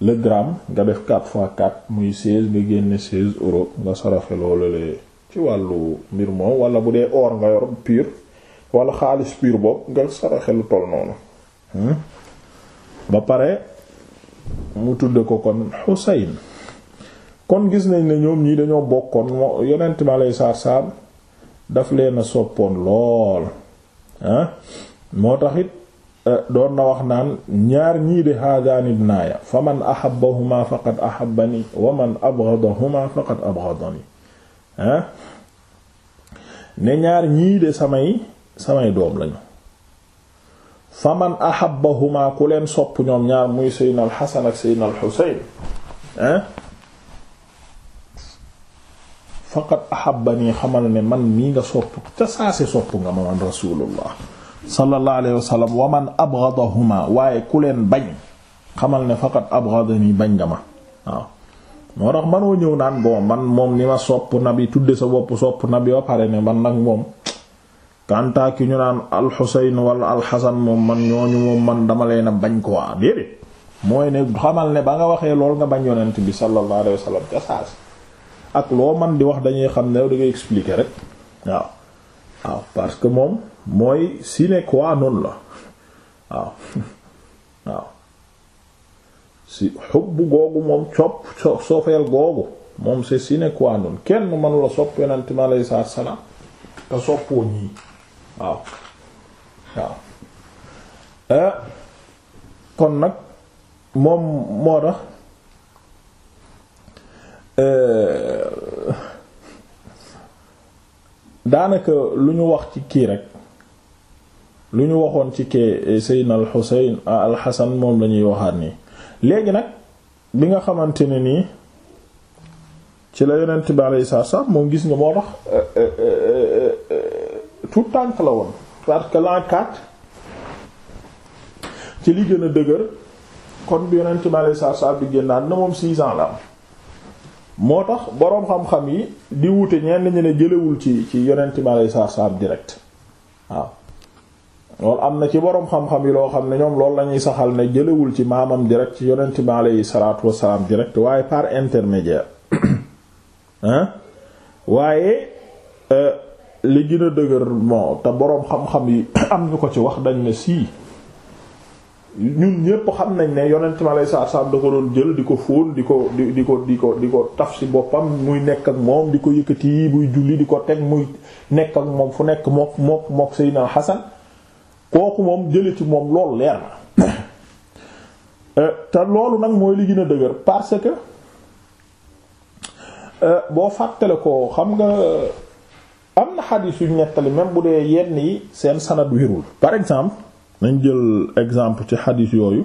le gramme nga def 4 fois 4 muy 16 nga génne 16 euros nga saraxe loolu la ci wàllu mbir moom wala bu dee or nga yor pur wala xaalis pur boobu nga saraxe lu toll noonu hmm? ba pare mu tudde ko kon Xuseyn kon gis nañ ne ñoom ñii dañoo bokkoon moo yonent ma lay saar saar daf leen a soppoon lool Ah? moo taxit eh, doon na wax naan ñaar ñii de haadaani ibnaaya fa man ahabbahuma faqad ahabbani wa man abghadahuma faqad abghadani ah? ne ñaar ñii de samay samay doom lañu fa man ahabbahuma ku leen sopp ñoom ñaar muy seydna al ak seydna al xuseyn ah? faqad ahabbani xamal ne man mii nga sopp te saase sopp nga ma man rasulullah sallallahu alayhi wa sallam wa man abghadahuma waaye ku leen bañ xamal ne faqad abghadani bañ nga ma waaw moo tax manoo ñëw naan bon man moom ni ma sopp nabi tudde sa bopp sopp nabi ba pare ne man nag moom kàntaa ki ñu naan alxuseyn wala alxasan moom man ñooñu moom man dama leen a bañ ko waa déedéet mooy ne xamal ne ba nga waxee lool nga bañ yonent bi sallallahu alayhi wa sallam ca ak loo man di wax dañuy xam ne da ngay rek waaw waaw parce que moom mooy sine qua non la waaw waaw si xubbu googu moom copp sofeel googu moom c'est sine qua non kenn mënula sopp yonent mi alayhi salaatu salaam te soppoo ñii waaw waaw eh, kon nag moom moo tax Euh, daanaka lu ñu wax ci kii rek lu ñu waxoon ci kee eh, Seydina al Xuseyn ah, al Xasan moom lañuy waxaat nii léegi nag bi nga xamante ne nii ci la yonent bi alayhi salaatu moom gis nga moo tax eh, eh, tout tànk la woon ci li gën a dëgër kon bi yonent bi alayhi salaatu salaam a génnaat na moom 6 ans la am moo tax boroom xam-xam yi di wute ñenn ñu ne jëlewul ci ci yonent bi alayhi salaatu salaam direct waaw loolu am na ci boroom xam-xam yi loo xam ne ñoom loolu la ñuy saxal ne jëlewul ci maamam direct ci yonent bi alayhi salaatu wassalaam direct waaye par intermédiaire hein waaye euh, li gën a dëgër moo te boroom xam-xam yi am ñu ko ci wax dañ ne sii ñun ñépp xam nañ ne yonent ma lay saar saam da ko doon jël di ko fóon di ko di di ko di ko di ko taf si boppam muy nekk ak moom di ko yëkkati buy julli di ko teg muy nekk ak moom fu nekk mook mook mook Seydina xasan kooku moom jële ci moom loolu leer na euh, te loolu nag mooy li gën dëgër parce que euh, boo fàttale ko xam nga am na xadiis yu nettali même bu dee yenn yi seen sanad wérul par exemple nañ jël exemple ci xadis yooyu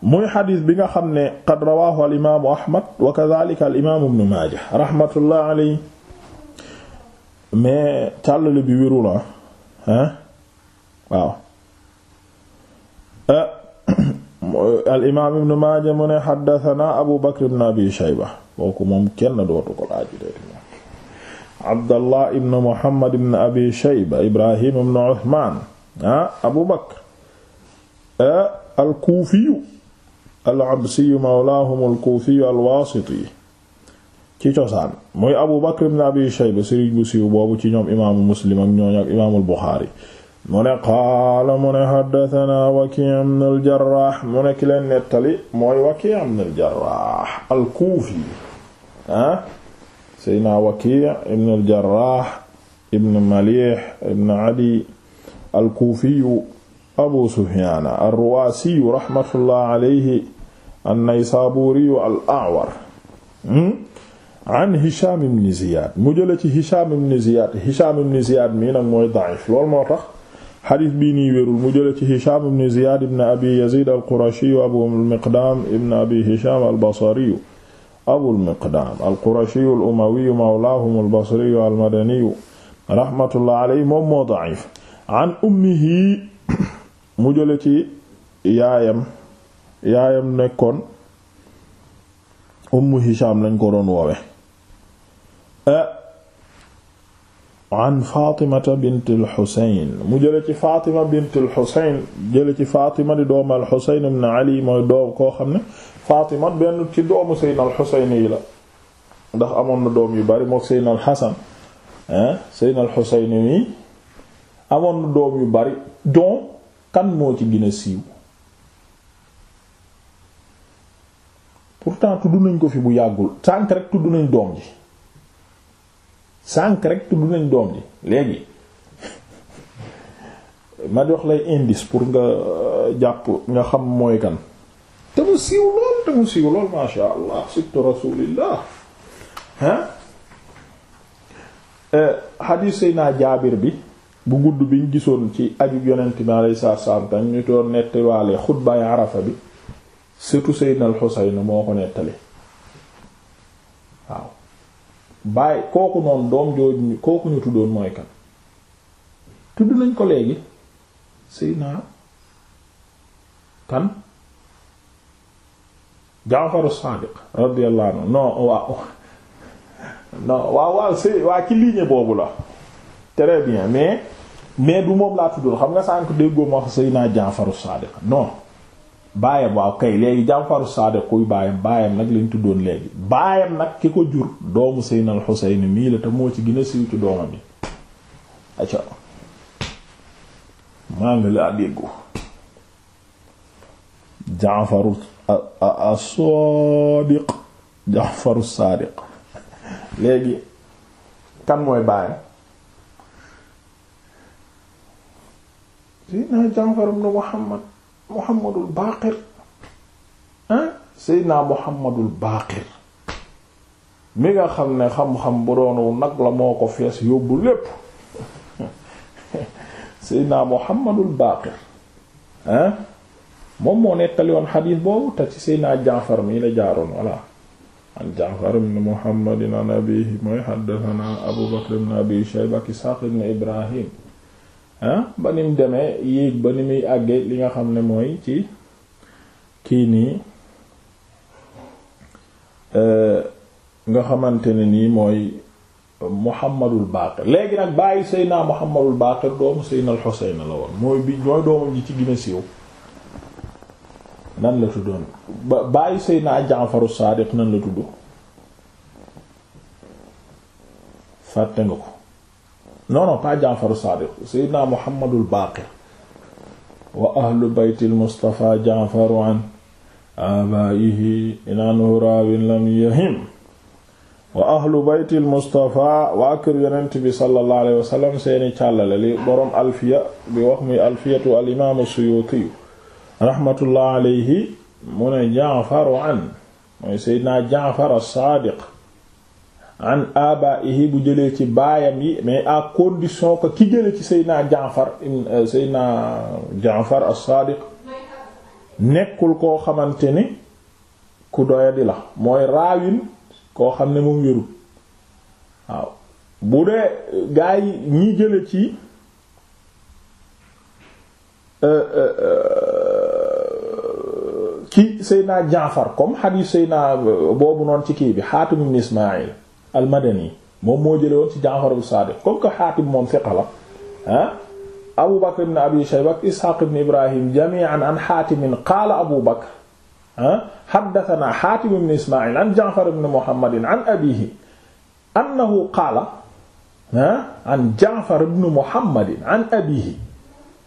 muy xadis bi nga xam ne qad rawaahu al imaamu ahmad wa kadhalika al imaamu ibnu maaja rahmatullah alayhi mais càllale bi wéru la ah waaw euh, abu bakr ibn abi shayba kooku moom kenn dootu ko laaju de abdallah ibn muhammad abi shayba ibrahim ibn uthman ah abu bakr ah, al kuufiyu al absiyu mawlaahum al kuufiyu al waasiti ci cosaan muy abu bakr ibn abi shayba sëriñ bu siiw boobu ci ñoom imaamu muslim ak ñooñu ak imaamul buxaari mu ne qaala mu ne xaddatanaa waki ibn al jarraax mu ne ki leen nettali mooy waki ibn al jarraax al kuufi ah seydna waki ibn al jarraax ibn maliix ibn adi alkuufiyu abu sufiana arruwaasiyu raxmatullah alayhi annaysaabuuriyu al awar an hisham ibn ziyad mu jële ci hisham ibn ziyad hisham ibn ziyad mii nag mooy daif loolu moo tax xadis bii nii wérul mu jële ci hisham ibn ziyad ibn abi yazid al qurashiyu abu almiqdaam ibn abi hisham al basariyu abu almiqdaam al qurashiyu al umawiyu mawlaahum al basriyu al madaniyu raxmatullah alayhi moom moo daif an ummihi mu jële ci yaayam yaayam nekkoon ummu hisham lañ ko doon woowe eh, an fatimata bint al mu jële ci fatima bint al-Husayn ci fatima di doomu al-Husayn ibn ali mooy doom koo xam ne fatima benn ci doomu seydna al yi la ndax amoon na doom yu bari moo seydna al-Hasan eh, seydna al amoon doom yu bari donc kan moo ci gën a siiw pourtant tudd nañ ko fi bu yàggul sànq rek tudd nañ doom ji sànq rek tudd nañ doom ji léegi ma jox lay indice pour nga euh, jàpp nga xam mooy kan te mu siiw lool te mu siiw lool ma sha allah sibtu rasulillah hein euh, hadith sayna jaabir bi bu gudd biñ gisoon ci ajub yonent bi alayhi salaam tam ñu doon nettiwaale xutbaay arafa bi surtout Seydina al-Husayn moo ko nettali waaw bàyyi kooku noonu doom jooju kooku ñu tuddoon mooy kan tudd nañ ko léegi Seydina kan Jaafar as-Sadiq radiyallahu anhu waaw non waaw waaw si waa ci ligne boobu la tere bien mais mais du moom laa tuddul xam nga sànk déggoo ma wax Seydina Jaafaru Saadiq non baayam waaw kay léegi Jaafaru Saadiq kuy nag lañ tuddoon léegi baayam nag ki ko jur doomu Seydina al Xuseyn mii moo ci gën a siiw ci doomam yi acca maa Saadiq léegi kan mooy baayam seydna Jaafar ibn Muhammad Muhammadul Baaqir ah naa Muhammadul Baaqir mi nga xam ne xam-xam bu doonu nag la moo ko fees yóbbu lépp seydna Muhammadul Baaqir ah moom moo nettali woon xadiis boobu te ci seydna Jaafar mii la jaaroon voilà an Jaafar ibn Muhammadin an abiihi mooy haddasanaa Abu Bakr ibn Abi Shayba Ibrahim ba ni mu demee yéeg ba ni muy àggee li nga xam ne mooy ci kii nii euh, nga xamante ne nii mooy Muhammadul Baqir léegi nag bàyyi Seydina Muhammadul Baqir doomu Seydina al-Husayn la woon mooy bi mooy doomam ji ci gën a nan la tuddoon ba bàyyi Seydina Ja'faru Sadiq nan la tudd fàtte nga ko non non pas Jaafaru Saadiq Seydina Muhammadul Baaqir wa ahlu baytil Mustafa Jaafaru an abaayihi inaanu raawin lam yahim wa ahlu baytil Mustafa waa kër yonent bi sallallahu alayhi wa sallam seeni càllale li boroom alfiya bi wax muy alfiyatu al imaamu Suyuuti rahmatullah alayhi mu ne Jaafaru an mooy Seydina Jaafar as-Saadiq an abaihi bu jëlee ci baayam yi mais à condition ko ki jële ci Seydina Jaafar euh, Seydina Jaafar jànfar sadiq nekkul koo xamante ni ku doya di la mooy raawin koo xam ne mu wérul waaw bu dee gaa yi ñi jële ci euh, euh, ki Seydina Jaafar comme xadiis Seydina boobu noonu ci kii bi Xaatim ibn Ismaayil al-Madani moom moo jëlee woon ci Jaafar bu Saadiq comme que Xaatim moom fiqa la ah Abu Bakr ibn Abi Shayba ak Isxaaq ibn Ibrahim jamii'an an Xaatimin qaala Abu Bakr ah haddathanaa Xaatim ibn Ismaa'il an Jaafar ibn Muhammadin an abiihi annahu qaala ah an Jaafar ibn Muhammadin an abiihi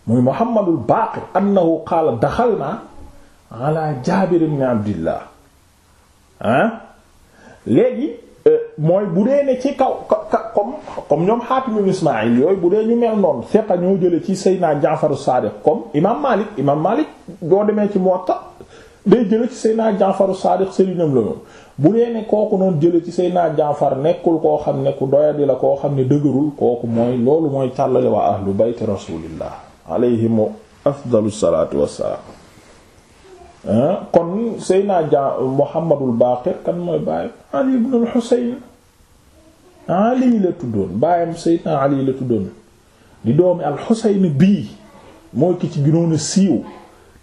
muy Muhammadul Baaqir annahu qaala daxalnaa alaa Jaabir ibn Abdillah ah léegi. mooy bu dee ne ci kaw ka comme comme ñoom Hatim ibn yooyu bu dee ñu mel noonu seqa ñoo jële ci Seydina Jaafar as-Sadiq comme imam Malik imam Malik doo demee ci Muwatta day jële ci Seydina Jaafar as-Sadiq sëriñam la ñoom bu dee ne kooku noonu jële ci naa Jaafar nekkul koo xam ne ku doyadi la koo xam ne dëgërul kooku mooy loolu mooy càllale waa ahlu bayt rasulillah alayhimu afdalu salatu wassalam kon Seydina ja Muhammadul Baqir kan mooy baayam Ali ibn al-Husayn Ali la tuddoon baayam Seydina Ali la tuddoon di doomi al-Husayn bii mooy ki ci gënoon siiw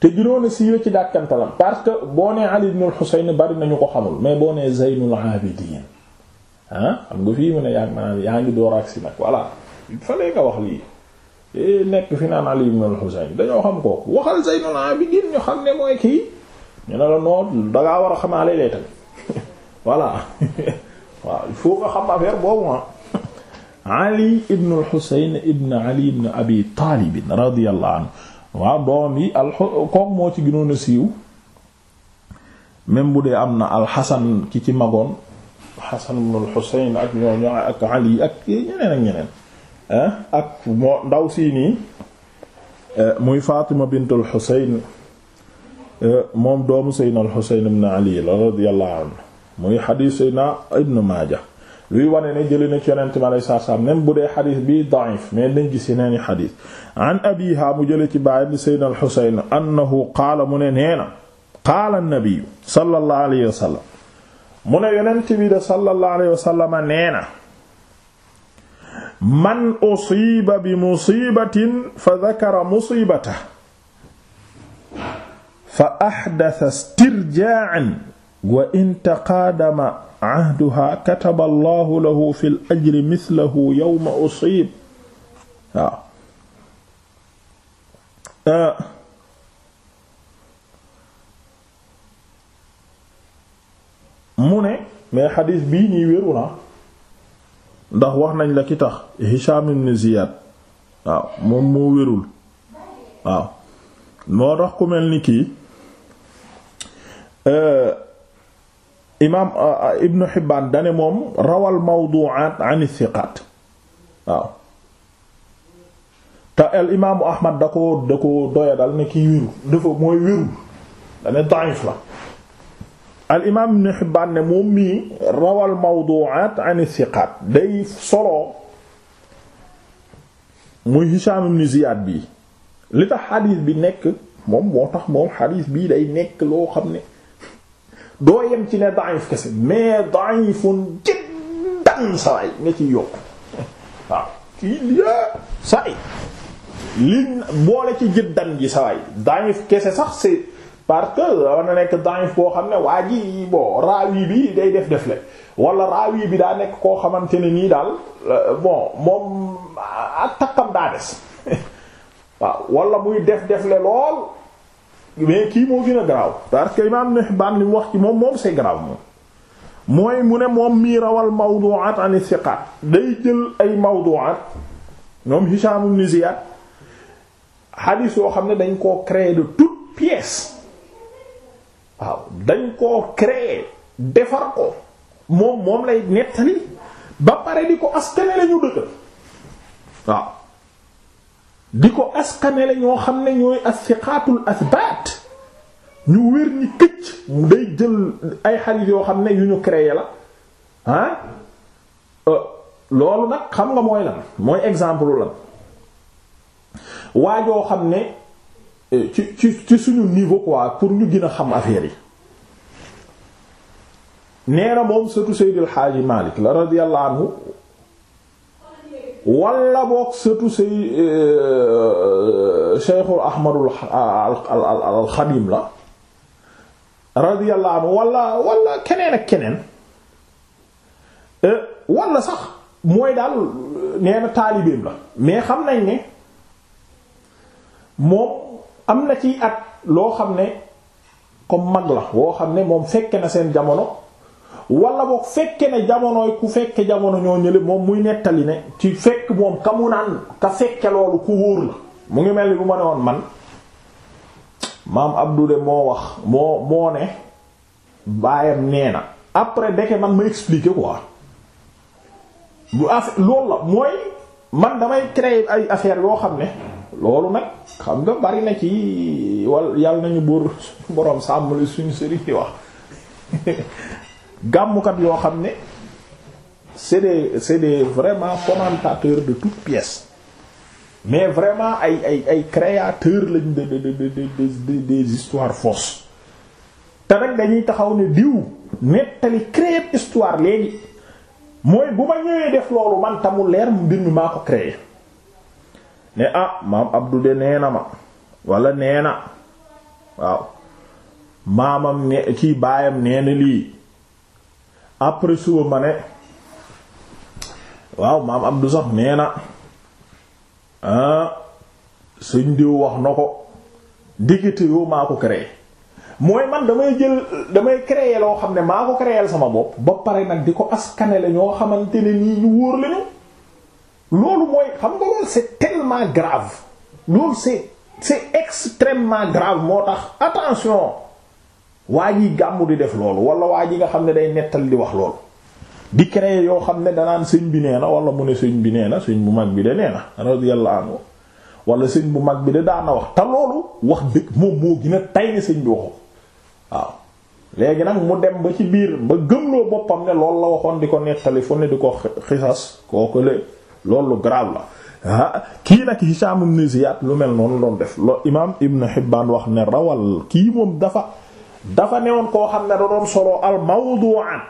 te gënoon a siiw ci dàkkantalam parce que boo nee Ali ibn al bari nañu ko xamul mais boo nee Zaynul Abidin ah xam nga fii mu ne yaa ngi maanaam yaa nag voilà il fallait nga wax lii Eh, nekk fi naan Ali ibn al dañoo xam kooku waxal Zaynul Abidin ñu xam ne mooy kii ñu ne la noonu dangaa war a xamaale lee tamit voilà ah. doom yi al moo ci gënoon a siiw même bu dee am na al ki ci magoon Hasan ibn al ak ñooñu ak Ali ak ñeneen ak ñeneen ak moo ndaw sii nii eh, muy Fatima bint al-Husayn eh, moom doomu Seydina al-Husayn ibn Ali la radiyallahu anhu muy xadiis Seydina Ibn Maaja luy wane ne jëli na ci yonente mi alayhi salaatu salaam bu dee xadis bi da'if mais dañ gis yeneen i xadis an abiha mu jële ci baayam di Seydina al-Husayn annahu qaala mu ne nee na qaala an-nabi sallallahu alayhi wa sallam mu ne yonent bi de sallallahu alayhi wa man usiba bi musibatin fa dakara musibata fa axdata stirjaan wa in taqaadama ahduha kataba allahu lahu fi l ajri mislahu yowma usib waaw ah. ah. mu ne mais xadiis bii nii wéru na ah. ndax wax nañ la ki tax Hisham ibn Ziyad waaw moom moo wérul waaw moo tax ku mel ni kii euh, imaam euh, Ibn Hibbaan dane moom rawal mawdu'aat an thiqaat waaw te al imaamu Ahmad da ko da ko ne kii wérul dafa mooy wérul dane da'if la al imaam ibn Hibbaan ne moom mii rawal mawdu'aat an thiqaat day solo muy Hishaam ibn Ziyaad bi li tax xadiis bi nekk moom moo tax moom xadiis bii day nekk loo xam ne doo yem ci ne da'if kese mais da'ifun jiddan saway nga ci yokk waaw kii lii saway li boole ci jiddan ji saway da'if kese sax c'est parce que war na nekk daif boo xam ne waa ji bon raawi bi day def def le wala raawi bi daa nekk koo xamante ne nii daal euh, bon moom ak takkam daa des waaw wala muy def def le lool mais kii moo gën garaaw parce que imam Ibn Hibbaan li wax ci moom moom c'est grave moom mooy mu ne moom mii rawal mawdu'at an thiqat day jël ay mawdu'at ñoom Hisham ibn hadith yoo xam ne dañ koo créer de toutes pièces waaw dañ koo créer defar ko moom moom lay nettali ba pare di ko askane lañu dëkkal waaw di ko askane la ñoo xam ne ñooy as-siqaatul asbaat ñu wér ñi këcc mu day jël ay xarit yoo xam ne yu ñu créer la ah euh, loolu nag xam nga mooy lan mooy exemple lan waajoo xam ne Eh, ci ci ci suñu niveau quoi pour ñu gën a xam affaire yi nee moom sëtu Seydil Xaaji Malik la radiyallahu anhu wala boog sëtu say eh, Cheikhul Ahmadul al la radiyallahu anhu wala keneen ak keneen eh, wala sax mooy daal nee taalibeem la mais xam nañ ne moom am na ci at loo xam ne comme mag la woo xam ne moom fekke na seen jamono wala boog fekke ne jamono ku fekke jamono ñoo ñële moom muy nettali ne ci fekk moom ka mu naan ka fekke loolu ku wóor la mu ngi mel ni bu ma ne woon man maam Abdou de moo wax moo moo ne baayam nee na après deke man ma expliquer quoi bu affaire loolu la mooy man damay créer ay affaire yoo xam ne loolu nag xam nga bari na ci wal yàlla nañu buur borom sàmm li suñu sëriñ yi wax gàmmukat yoo xam ne c'est des c'est des vraiment commentateurs de toutes pièces mais vraiment ay ay ay créateurs lañ de de de de des histoires fausses te nag dañuy taxaw ne diw nettali créer histoire léegi mooy bu ma ñëwee def loolu man tamu leer mbir mi maa ko créer ne ah maam Abdou de nee na ma walla nee na waaw maamam ne kii baayam nee na lii après suba ma ne waaw maam Abdou sax nee na ah suñ diw wax na ko diggante yoo maa ko créé mooy man damay jël damay créé loo xam ne maa ko créé sama bopp ba pare nag di ko askanele ñoo xamante ne nii ñu wóor lañu loolu mooy xam nga loolu c'est tellement grave loolu c'est c'est extrêmement grave moo tax attention waa ji gàmmu di def loolu wala waa ji nga xam ne day nettali di wax loolu di créer yoo xam ne danaan sëñ bi nee na wala mu ne sëñ bi nee na sëñ bu mag bi de nee na radiyallahu anhu wala sëñ bu mag bi de daana wax te loolu wax dëgg moom moo gën a tay ne sëñ bi waxu waaw léegi nag mu dem ba ci biir ba loo boppam ne loolu la waxoon di ko nettali fu di ko xisas kooku le loolu grave la ah kii nag Hisham ibn Ziyad lu mel noonu doon def loolu imaam Ibn Hibbaan wax ne rawal kii moom dafa dafa newoon koo xam ne da doon solo al mawdu'an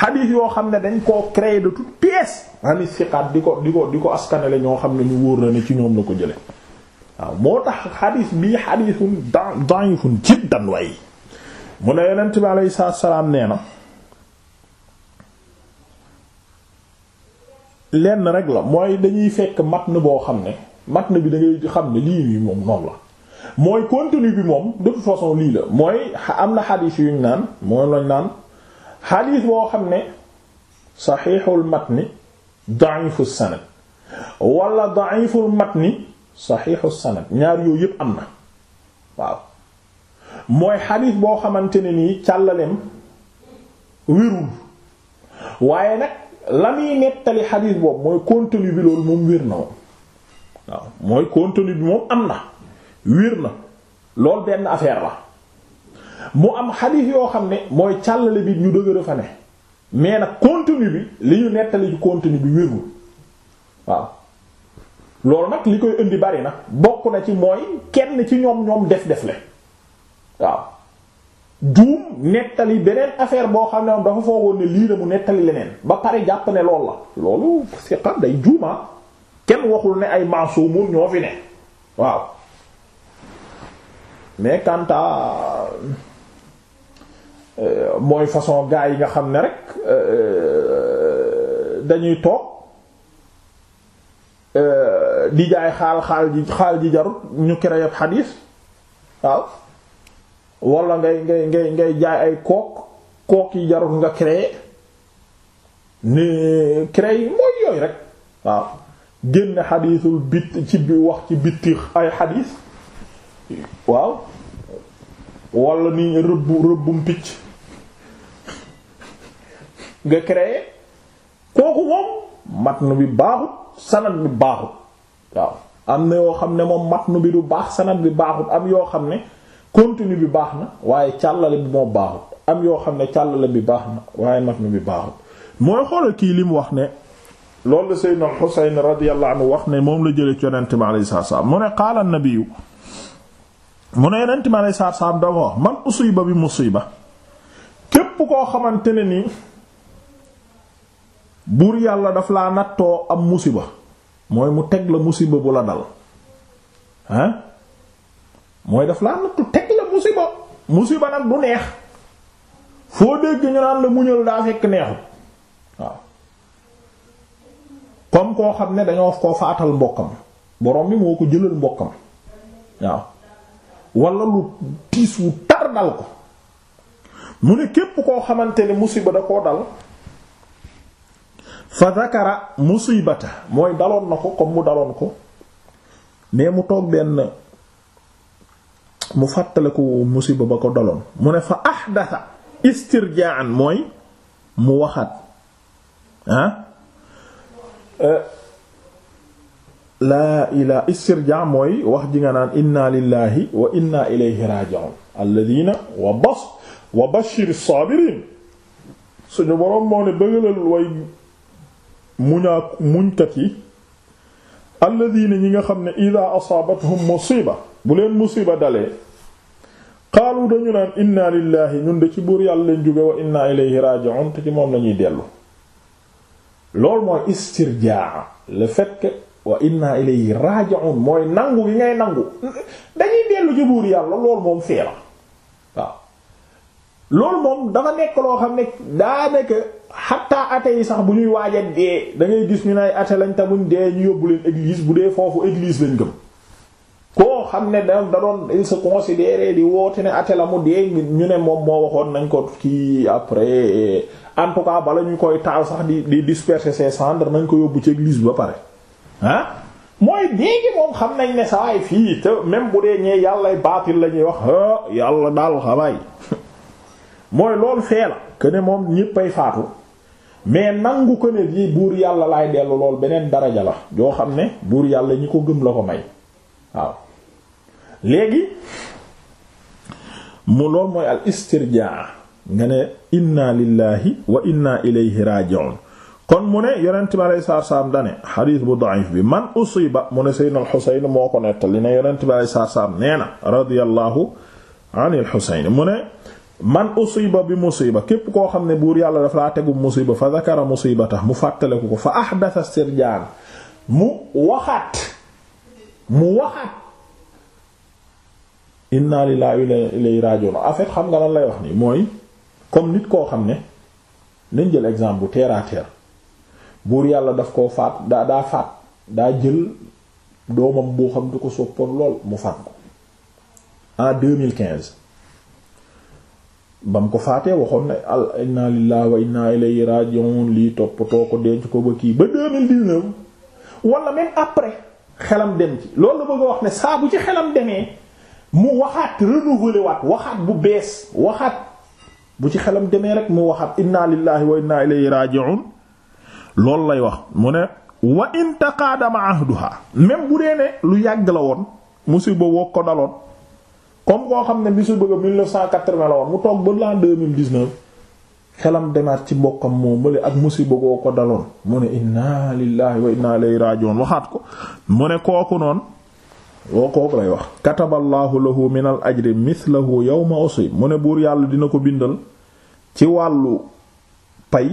xadiis yoo xam ne dañ koo créé de toutes pièces ani siqaat di ko di ko di askanale ñoo xam ne ñu wóor la ne ci ñoom la ko jële waaw moo tax xadiis bii xadiisun da'ifun jiddan way mu ne yonent bi alayhi salaam nee na lenn rek la mooy dañuy fekk matn boo xam ne matn bi da xam ne lii nii moom noonu la mooy contenu bi moom de toute façon lii la mooy am na xadiis yuñ naan moo lañ naan xadiis boo xam ne saxiixul matni da'ifus sanad wala da'iful matni saxiixus sanad ñaar yooyu yëpp am na waaw mooy xadiis boo xamante ne nii càllaleem wérul waaye nag la muy nettali xadiis boobu mooy contenu bi loolu moom wér na moom waaw mooy contenu bi moom am na wiir na loolu benn affaire la mu am xadiis yoo xam ne mooy càllale bi ñu dëgër fa ne mais nag contenu bi li ñu nettali ci contenu bi wérul waaw loolu nag li koy indi bari na bokk na ci mooy kenn ci ñoom ñoom def def le waaw juum nettali beneen affaire boo xam ne dafa foogoon ne lii la mu nettali leneen ba pare jàpp ne lool la loolu si xam day juuma kenn waxul ne ay maasumun ñoo fi ne waaw mais quant euh, mooy façon gaa yi nga xam ne rek euh, dañuy toog euh, di jaay xaal xaal ji xaal ji jarut ñu créé ab xadiis waaw wala ngay ngay ngay ngay jaay ay kook kook yi jarul nga créer ne créer mooy yooyu rek waaw génn xadiisul bit ci bi wax ci biti ay xadiis waaw wala ni rëbbu rëbbum picc nga créer kooku moom matnu bi baaxut sanad bi baaxut waaw am na yoo xam ne moom nu bi du baax sanad bi baaxut am yoo xam ne continue bi baax na waaye càllale bi moo baaxut am yoo xam ne càllale bi baax na waaye mat mi bi baaxut mooy xoolal kii li mu wax ne loolu la Seydina Xuseyn radiyallahu anhu wax ne moom la jëlee ci yonent bi alayhi salaam mu ne qaala nabiyu mu ne yonent bi alayhi salaam dafa wax man usiba bi musiba képp koo xamante ne nii buur yàlla daf laa nattoo am musiba mooy mu teg la musiba bu la dal ah mooy daf laa nattu musiba musiba nag du neex foo dégg ñu naan la muñal daa fekk neexut waaw comme koo xam ne dañoo koo faatal mbokkam borom bi moo ko jëlal mbokkam waaw wala lu tiis wu tar dal ko mu ne képp koo xamante ne musiba da koo dal fa zakara musibata mooy daloon na ko comme mu daloon ko mais mu toog benn mu fàttaliku musiba ba ko doloon mu ne fa ahdasa istirjaan mooy mu waxaat ah eh, laa ilaa istirjaa mooy wax ji nga naan inna lillahi wa inna ilayhi raji'un alladhina wa bas wa bashir sabirin suñu boroom moo ne bëggalal way muñaa muñkat yi alladhina ñi nga xam ne ida asaabathum musiba bu leen musiba dalee xaalu dañu naan inna lillahi ñun de ci buur yàlla lañ jóge wa inna ilayhi raji'un te ci moom lañuy dellu loolu mooy istirjaa le fait que wa inna ilayhi raji'un mooy nangu gi ngay nangu dañuy dellu ci buur yàlla loolu moom fee la waaw loolu moom dafa nekk loo xam ne daa nekk xatta athée yi sax bu ñuy waaj a dee da ngay gis ñu ne ate lañ te buñ dee ñu yóbbu leen église bu dee foofu église lañ gëm koo xam ne da doon il se considérait di woote ne ate la mu dee ñu ne moom moo waxoon nañ ko kii après en tout cas bala ñu koy taal sax di di disperser ses cendres nañ ko yóbbu ci église ba pare ah mooy déegi moom xam nañ ne sawaay fii te même bu dee ñee yàlla baatil la ñuy wax yàlla daal xawaay mooy loolu fee la que ne moom ñéppay faatu mais nangu ko ne yi buur yàlla laay dellu lool beneen daraja la yoo xam ne buur yàlla ñi ko gëm la ko may waaw léegi mu lool mooy al nga ne inna lillahi wa inna ilayhi raji'un kon mu ne yonent ba alayhi salaatu salaam dane xadiis bu da'if bi man usiba mu ne seydna al xuseyn moo ko nettali ne yonent bi alayhi salaatu salaam nee na radiyallahu anil xuseyn mu ne man usiba bi musiba képp koo xam ne buur yàlla dafa laa tegu musiba fa zakara musibata mu fàttaleku ko fa ahdasa istirjaan mu waxaat mu waxaat inna lillahi wa ilayhi raji'un en xam nga lan lay wax nii mooy comme nit koo xam ne nañ jël exemple bu terre à buur yàlla daf koo faat daa daa faat daa jël doomam boo xam du ko soppoon lool mu faat ko en 2015 ko faatee waxoon na al inna lillahi wa inna ilayhi raji'un lii toppatoo ko denc ko ba kii ba 2019 wala même après xelam dem ci loolu la bëgg a wax ne saa ci xelam demee. mu waxaat renouvelé waat waxaat bu bees waxaat bu ci xelam demee rek mu waxaat inna lillahi wa inna ilayhi raji'un loolu lay wax mu ne wa in taqaadama ahduha même bu dee ne lu yàgg la woon musiba woo ko daloon comme koo xam ne bisu bëgg 1980 la woon mu toog ba l'an 2019 xelam demaat ci mbokkam moo male ak musiba woo ko daloon mu ne inna lillahi wa inna ilayhi raji'un waxaat ko mu ne kooku noon woo kook lay wax kataballaahu lahu min al ajri mithlahu yawma usib mu ne buur yàlla dina ko bindal ci wàllu pay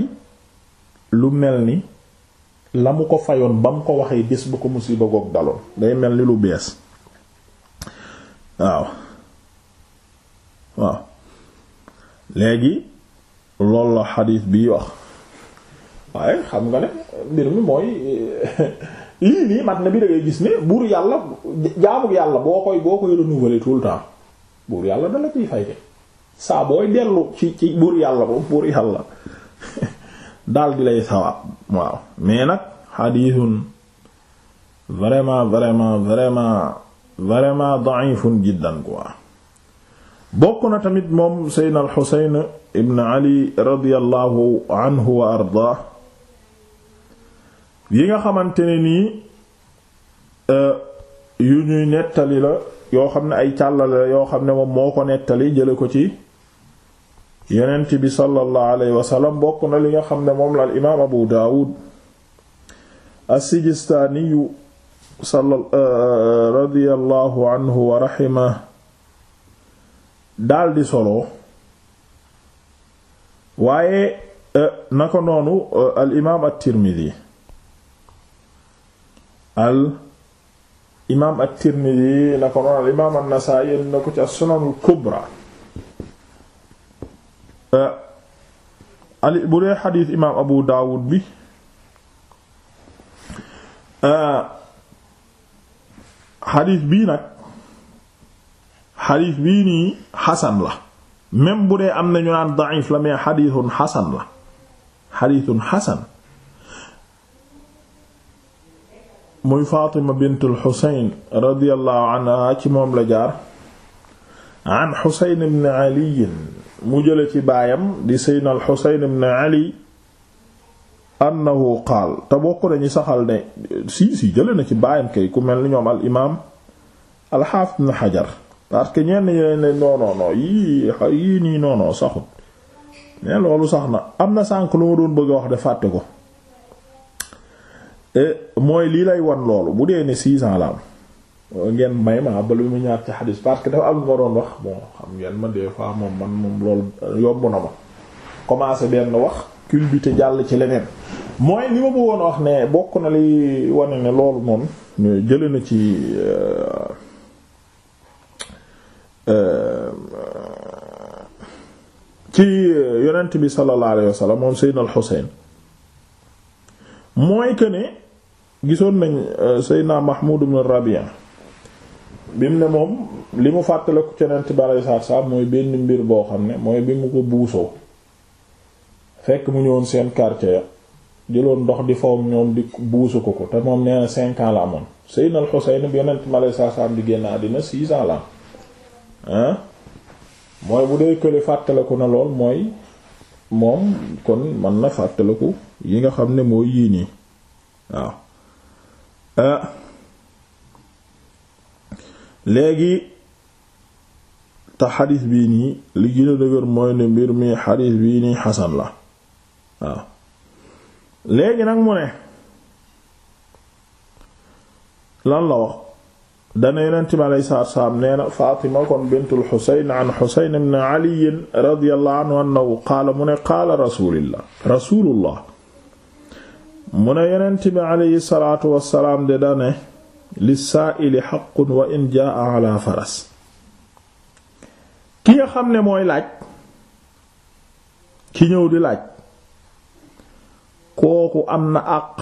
lu mel ni la mu ko fayoon ba mu ko waxee bés bu ko musiba goog daloon day mel ni lu bees waaw waaw léegi loolu la xadiis bi wax waaye xam nga ne mbir mi mooy lii nii mat na bi da gis ne buur yàlla jaamu yàlla boo koy boo koy renouveler tout le temps buur yàlla dala ciy fayte saa booy dellu ci buur yàlla boobu buur yàlla daal di lay sawaab waaw mais nag xadiisun vraiment vraiment vraiment vraiment da'ifun jiddan quoi bokk na tamit moom seydna al xusayn ibn ali radiyallahu anhu yi nga xamante ne nii euh, yu ñuy nettali la yoo xam ne ay càllale la yoo xam ne moom moo ko nettali jële ko ci yonent bi sallallahu alayhi wa bokk na li nga xam ne moom la al imaam abu daawud as-sijistaaniyu euh, radiyallahu anhu wa raxima daldi solo waaye euh, na ko noonu al imaam al imaam at-Tirmidhi na ko noonu al imaam an-Nasa'i na ko ci as-Sunanul Kubra ali eh, bu dee xadiis imaam Abu Dawud bi eh, xadiis bii nag xadiis bii nii xasan la même bu dee am nañu ñu naan da'if la mais xadiisun xasan la xadiisun xasan muy Fatima bint al-Husayn radiyallahu anha ci moom la jaar an Husayn ibn Ali mu jële ci baayam di Seydina al-Husayn ibn Ali annahu qaal te bokk nañu saxal ne si si jële na ci baayam kay ku mel ni ñoom al imaam al-Hafiz ibn parce que ñenn ñi ne non non non yii yii nii non saxut mais loolu sax na am na sànk lu ma doon bëgg a wax de fàtte ko. mooy lii lay wan loolu bu dee ne six ans la am ngeen may ma ba lu mu ñaar ci xadis parce que dafa am lu ma doon wax bon xam ngeen ma des fois moom man moom loolu yomb na ma commencé benn wax bi culbuté jàll ci leneen mooy li ma bëggoon wax ne bokk na li wane ne loolu noonu jële na ci euh, euh, ci yonent bi sallallahu alayhi wa sallam moom Seydina al mooy que ne gisoon nañ euh, Seydina Mahmoud ibn Rabi'a bi mu ne moom li mu fàttaliku cenent balay saar mooy benn mbir boo xam ne mooy bi ko buusoo fekk mu seen quartier jëloon ndox di foom ñoom di buusu ko ko te moom nee na cinq ans la amoon Seydina al-Husayn bi yonent mi alay di génn àddina six la am bu dee kële fàttaliku na lool mooy moom kon man na fàttaliku yi nga xam ne moo yii nii waaw Ah. léegi te xadis bii nii li gën a mooy ne mbir mi xadis bii nii xasan la léegi nag mu ne lan la wax dana yonent bi alayhi salaatu salaam nee na Faatima kon bintul Xuseyn an Xuseyn ibn Ali radiyallahu anhu annahu qaala mu ne qaala rasulillah rasulullah mu ne yonent bi aleyhi salaatu wassalaam de dane lissaa'ili haqqun wa in jaa'a faras ki nga xam ne mooy laaj ki ñëw di laaj kooku am na àq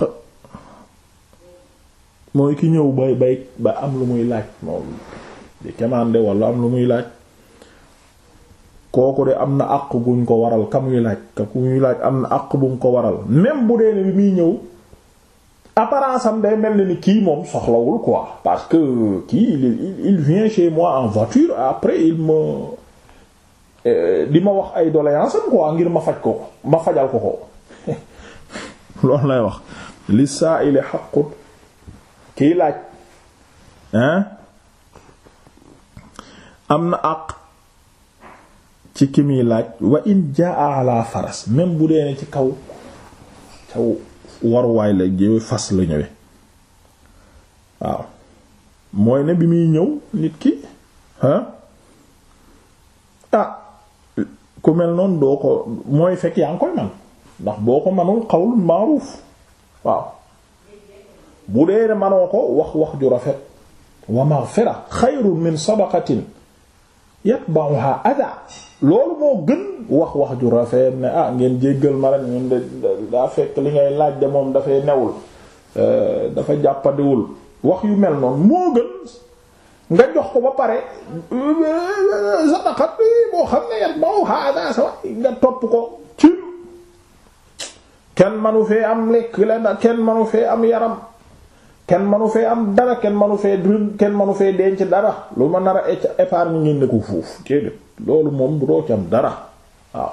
mooy ki ñëw bay bay ba am lu muy laaj moom di kemande walla am lu muy laaj kooku de am na àq guñ ko waral ka muy laaj ka ku muy laaj am na àq buñ ko waral même bu dee ne muy ñëw apparence am day mel ni kii moom soxlawul quoi parce que kii il, il vient chez moi en voiture après il me euh, di ma wax ay doléance am ngir ma faj ko ko ma fajal ko ko loolu lay wax li saa ili xaqut kiy laaj hein am na àq ci ki muy laaj wa in jaa ala faras même bu dee ne ci kaw caw waruwaay la jëwe fas la ñëwee waaw mooy ne bi muy ñëw nit ki ah ah ku mel noonu doo ko mooy fekk yaa ngi koy man ndax boo ko manul xawlun maaruuf waaw bu dee ne manoo ko wax wax ju rafet wa maghfira xayrun min sadaqatin yatba'uha adha loolu moo gën wax wax ju rafet ne ah ngeen jéggal ma rek ñun de daa fekk li ngay laaj de moom dafay newul euh, dafa jàppandiwul wax yu mel noonu moo gën nga jox ko ba pare euh, sadaqat boo xam ne topp ko ci kenn manu fee am lekk la kenn manu fee am yaram kenn manu fee am dara kenn manu fee dund kenn manu fee denc dara lu ma nar a épargne ngeen ne ko fuuf loolu moom doo ci dara waaw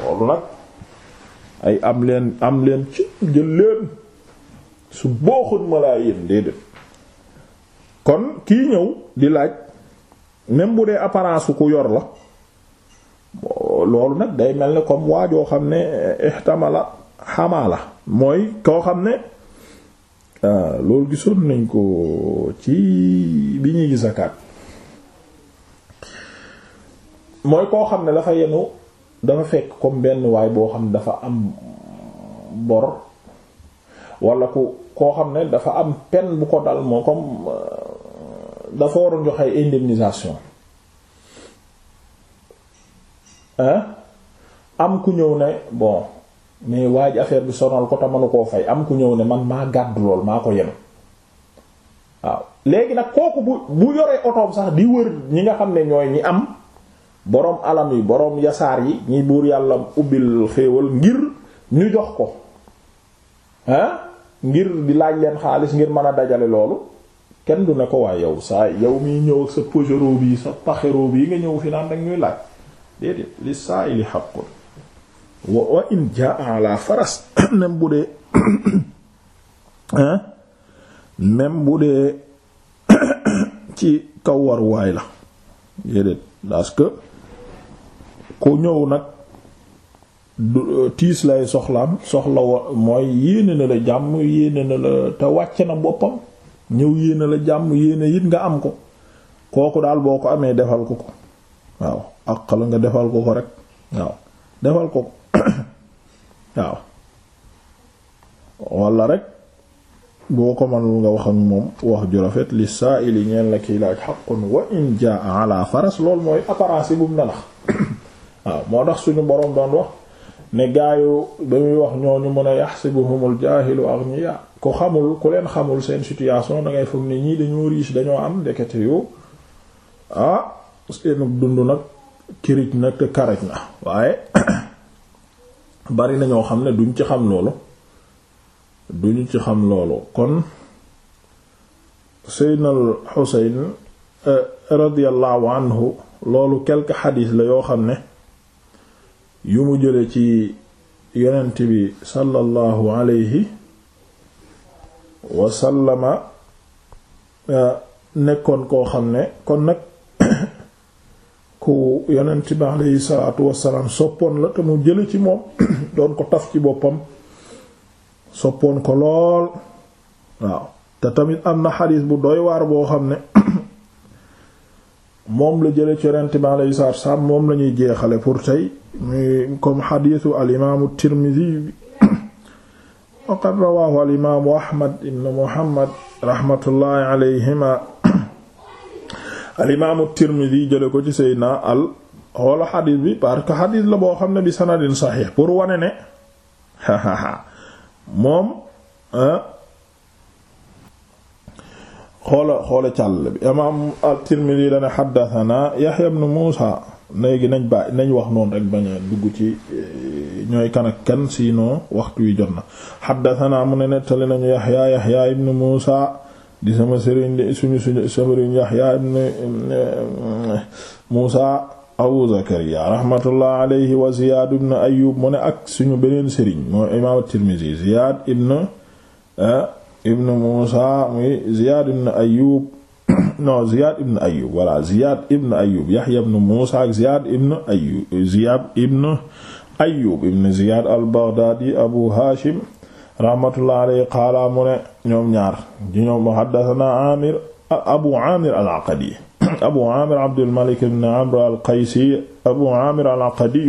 loolu nag ay am leen am leen ci jël leen su booxut ma laa yéen déedéet kon kii ñëw di laaj même bu dee apparence ku yor la loolu nag day mel ni comme waa joo xam ne ihtamala xamaala mooy koo xam ne ah, loolu gisoon nañ ko ci bi ñuy gis zakaat mooy koo xam ne dafa yenu dafa fekk comme benn waay boo xam ne dafa am bor wala ku koo xam ne dafa am peine bu ko dal moo comme euh, dafa war a joxe indemnisation am ku ñëw ne bon mais waa ji affaire bi sonal ko te mënu koo fay am ku ñëw ne man maa gàddu lool maa ñi nga xam ne ñooy ñi am boroom alam yi boroom yasaar yi ñi buur yàlla ubbil xéewal ngir ñu jox ko ngir di laaj leen xaalis ngir man a dajale loolu kenn du ne ko waaye yow saa yow mi ñëw ak sa pojero bi sa paxero bi nga ñëw fi naan dag ñuy laaj déedéet li saa ili xaqul wa wa in jaa ala faras même bu dee même bu dee ci kaw war waay la ku ñëw nag euh, tiis lay soxlaam soxla wa mooy yéene na la jàmm yéene na la te wàcc na boppam ñëw yéene la jàmm yéene it nga am ko kooku daal boo ko amee defal ko ko waaw ak la nga defal ko ko rek waaw defal ko ko waaw walla rek boo ko man nga wax ak moom wax ju rafet li saa ili ñeen la kii laaj xaqun wa in jaa ala faras loolu mooy apparence yi bu waaw moo tax suñu boroom doon wax ne gaayu dañuy muy wax ñooñu mën a yaxsibuhumul jaahilu aghniya ku xamul ku leen xamul seen situation dangay foog ne ñii dañoo riche dañoo am ndekete yu ah seen dund nag kirij nag te na waaye bari na ñoo xam ne duñ ci xam loolu duñu ci xam loolu kon Seydina Al Xuseyn eh, radiyallahu anhu loolu quelques xadiis la yoo xam ne yu mu jële ci yonent bi sallallahu alayhi wasallama eh, nekkoon koo xam ne kon nag ku yonent bi alayhi salaatu wasalaam soppoon la te mu jële ci moom doon ko taf ci boppam soppoon ko lool waaw te tamit am na xadiis bu doy waar boo xam ne moom la jële ci yonent bi alayhi salaatu wa moom la ñuy jeexale pour tey muy comme xadiisu al imaamu Tirmidi wa rawaahu al imaamu ibn Muhammad rahmatullahi alayhima al imaamu jële ko ci Seydina al xoola xadiis bi parce que xadiis la boo xam ne bi sanadin saxiix pour wane ne moom ah, xoola xoola càll bi imaam at-Tirmidhi dana xaddathana Yahya ibn Muusa léegi nañ ba nañ wax noonu rek bañ dugg ci eh, ñooy kan ak kan sinon waxtu wi jot na xaddathana mu ne nettali nañu Yahya Yahya ibn Muusa di sama sëriñ di suñu suñu sëriñ Yahya ibn eh, Muusa Abu Zakariya rahmatullah alayhi wa Ziyaad ibn Ayyub mu ne ak suñu beneen sëriñ mooy imaam at Ziyaad ibn eh, ibn Muusa muy Ziyaad ibn Ayyub non Ziyaad ibn Ayyub Yahya ibn Muusa Ziyaad ibn Ayyub Ziyaad ibn Ayyub ibn Ziyaad al Abu Haashim rahmatullah alayhi qaala mu ne ñoom ñaar di ñoom haddathana Abu Aamir al-Aqadi Abu Aamir al aqadi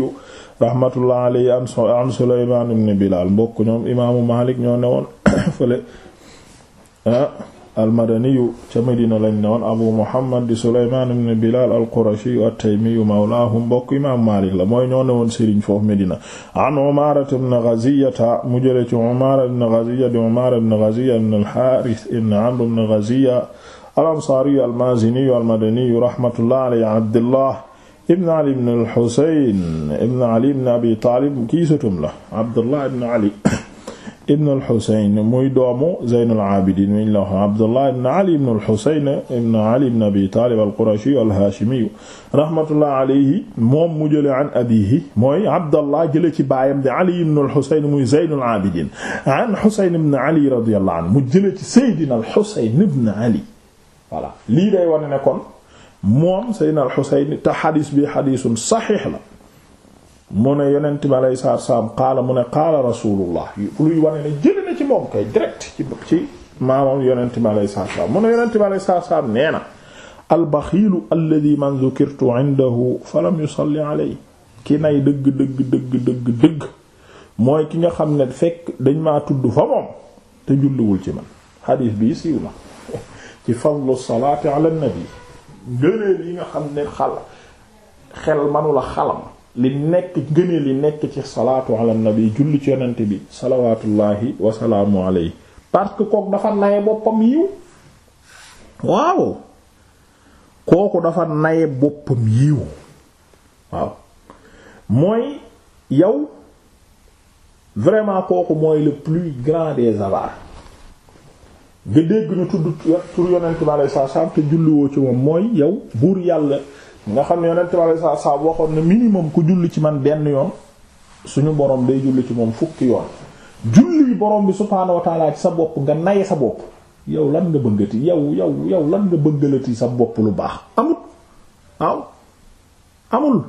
rahmatullah alayhi an Sulaymaan ibn Bilaal mbokk ñoom imaamu Maalik ñoo newoon Ah, almadaniyu ca Medina lañ ne woon abu muhammad di suleymaan ibn bilaal alqurashiyu attaymiyu mawlaahum mbokk imaam maalik la mooy ñoo ne woon sëriñ foofu Medina an umaara ibn gaziyata mu jële ci umaara ibn gaziya di umaara ibn gaziya ibn alxaaris ibn amr ibn gaziya alansaariyu almaaziniyu almadaniyu rahmatullah alayhi abdullah ibn ali ibn alxuseyn ibn ali ibn abi taalib kii sëtam la abdullah ibn ali ibn al-Husayn muy doomu Zaynul Abidin miñ la wax Abdullah ibn Ali ibn al-Husayn ibn Ali ibn Abi Talib al-Qurashi al-Hashimi rahmatullah alayhi moom mu jële an abihi mooy Abdallah jële ci baayam di Ali ibn al-Husayn muy Zaynul Abidin an Husayn ibn Ali radiyallahu anhu mu jële ci Seydina al-Husayn ibn Ali voilà lii day wane ne kon moom Seydina al-Husayn te xadis bi xadisun saxiix la mu ne yonent bi aleyhi salaatu salaam qaala mu ne qaala rasulullah luy wane ne jëlee na ci moom kay direct ci ci maamam yonent bi aleyhi salaatu salaam mu ne yonent bi aleyhi salaatu salaam nee na albaxiilu alladi man zukirtu indahu falam yusalli dëgg dëgg dëgg mooy ki nga xam ne fekk dañ maa tudd fa moom te julliwul ci man xadiis bii siiw na ci fadlu salaati ala nabi ngëneel yi nga xam ne xal xel manula xalam li nekk ngëneel li nekk ci salaatu ala nabi julli ci yonent bi salawaatullaahi wasalaamu alayhi parce que kooku dafa naye boppam yiw waaw kooku dafa naye boppam yiw waaw mooy yow vraiment kooku mooy le plus grand des avares nga dégg ñu tudd tur yonent bi alayhi salaam te julliwoo ci moom mooy yow buur yàlla nga xam ne yonent bi alayhi salaatu salaam waxoon na minimum ku julli ci man benn yoon suñu boroom day julli ci moom fukki yoon julli borom bi subhaanahu wa ci sa bopp nga naye sa bopp yow lan nga bëggati yow yow yow lan nga bëggalati sa bopp lu baax amul waaw amul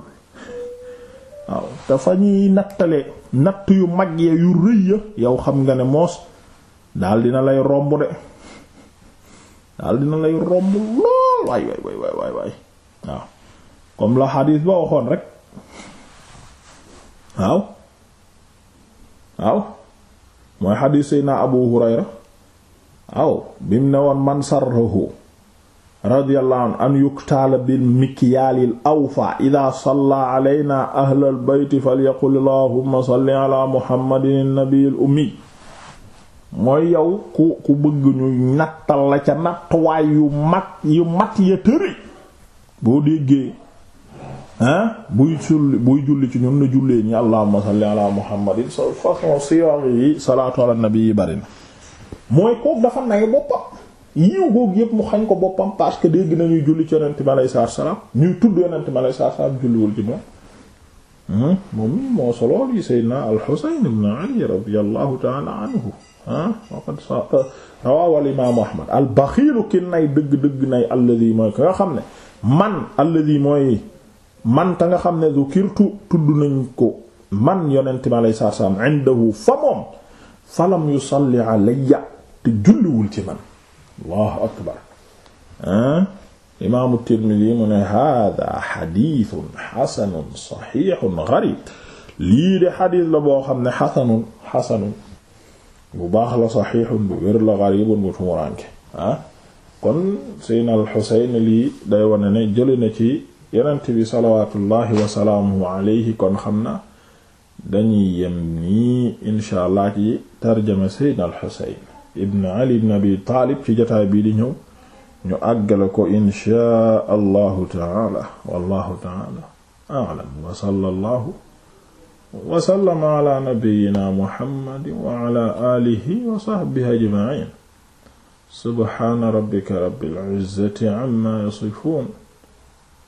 waaw te ñuy nattale natt yu mag ya yu rëy ya yow xam nga ne moos daal dina lay romb de daal dina lay romb lool waay waay waay waay waaw comme la xadiis ba waxoon rek waaw waaw mooy xadiis sayna abu hurayra waaw bi mu ne woon man sarrahu radiyallahu anhu an yuktaala bil mikyaalil awfa idaa salla alaynaa ahlal bayti falyaqul allahumma salli ala muhammadin nabiyil ummi mooy yow ku ku bëgg nattal la ca nattuwaay yu mat yu mat ya tëri boo déggee ah buy julli buy julli ci ñun na jullee ñi allahumma salli ala muhammadin sa façon siyaar yi salaatu ala nabi yi bari mooy kook dafa nay boppam yiw googu yëpp mu xañ ko boppam parce que dégg nañuy julli ci yonent bi alayhi salaam ñuy tudd yonent bi alayhi salaam julliwul ci moom hmm? moo solo li sayyidina al-Husayn ibn Ali radiyallahu ta'ala al-imaam Ahmad al-baxiilu ki nay dëgg dëgg nay alladi mooy ko nga xam ne man alladi mooy man ka nga xam ne zukirtu tudd nañ ko man yonent mi alayhi salaatu salaam indahu fa moom falam yusalli alayya te julliwul ci man allahu akbar ah imaamu Tirmidi mu ne hada xadiisun xasanun saxiixun gariib lii de xadiis la boo xam ne xasanun xasanun bu baax la saxiixun bu wér la gariibun bu tumuraanke ah kon Seydina al Xuseyn lii day wane ne jëli na ci yonent bi salawaatullahi wasalaamuhu alayhi kon xam na dañuy yem nii al xusayn ibn ali ibn abi taalib ci jotaay bii di ñëw ñu àggale ko inchaa allahu taala wallahu taala a'lam wa sallallahu wa sallama ala nabiyyina muhammadin wa ala alihi wa sahbihi ajma'in subhana rabbika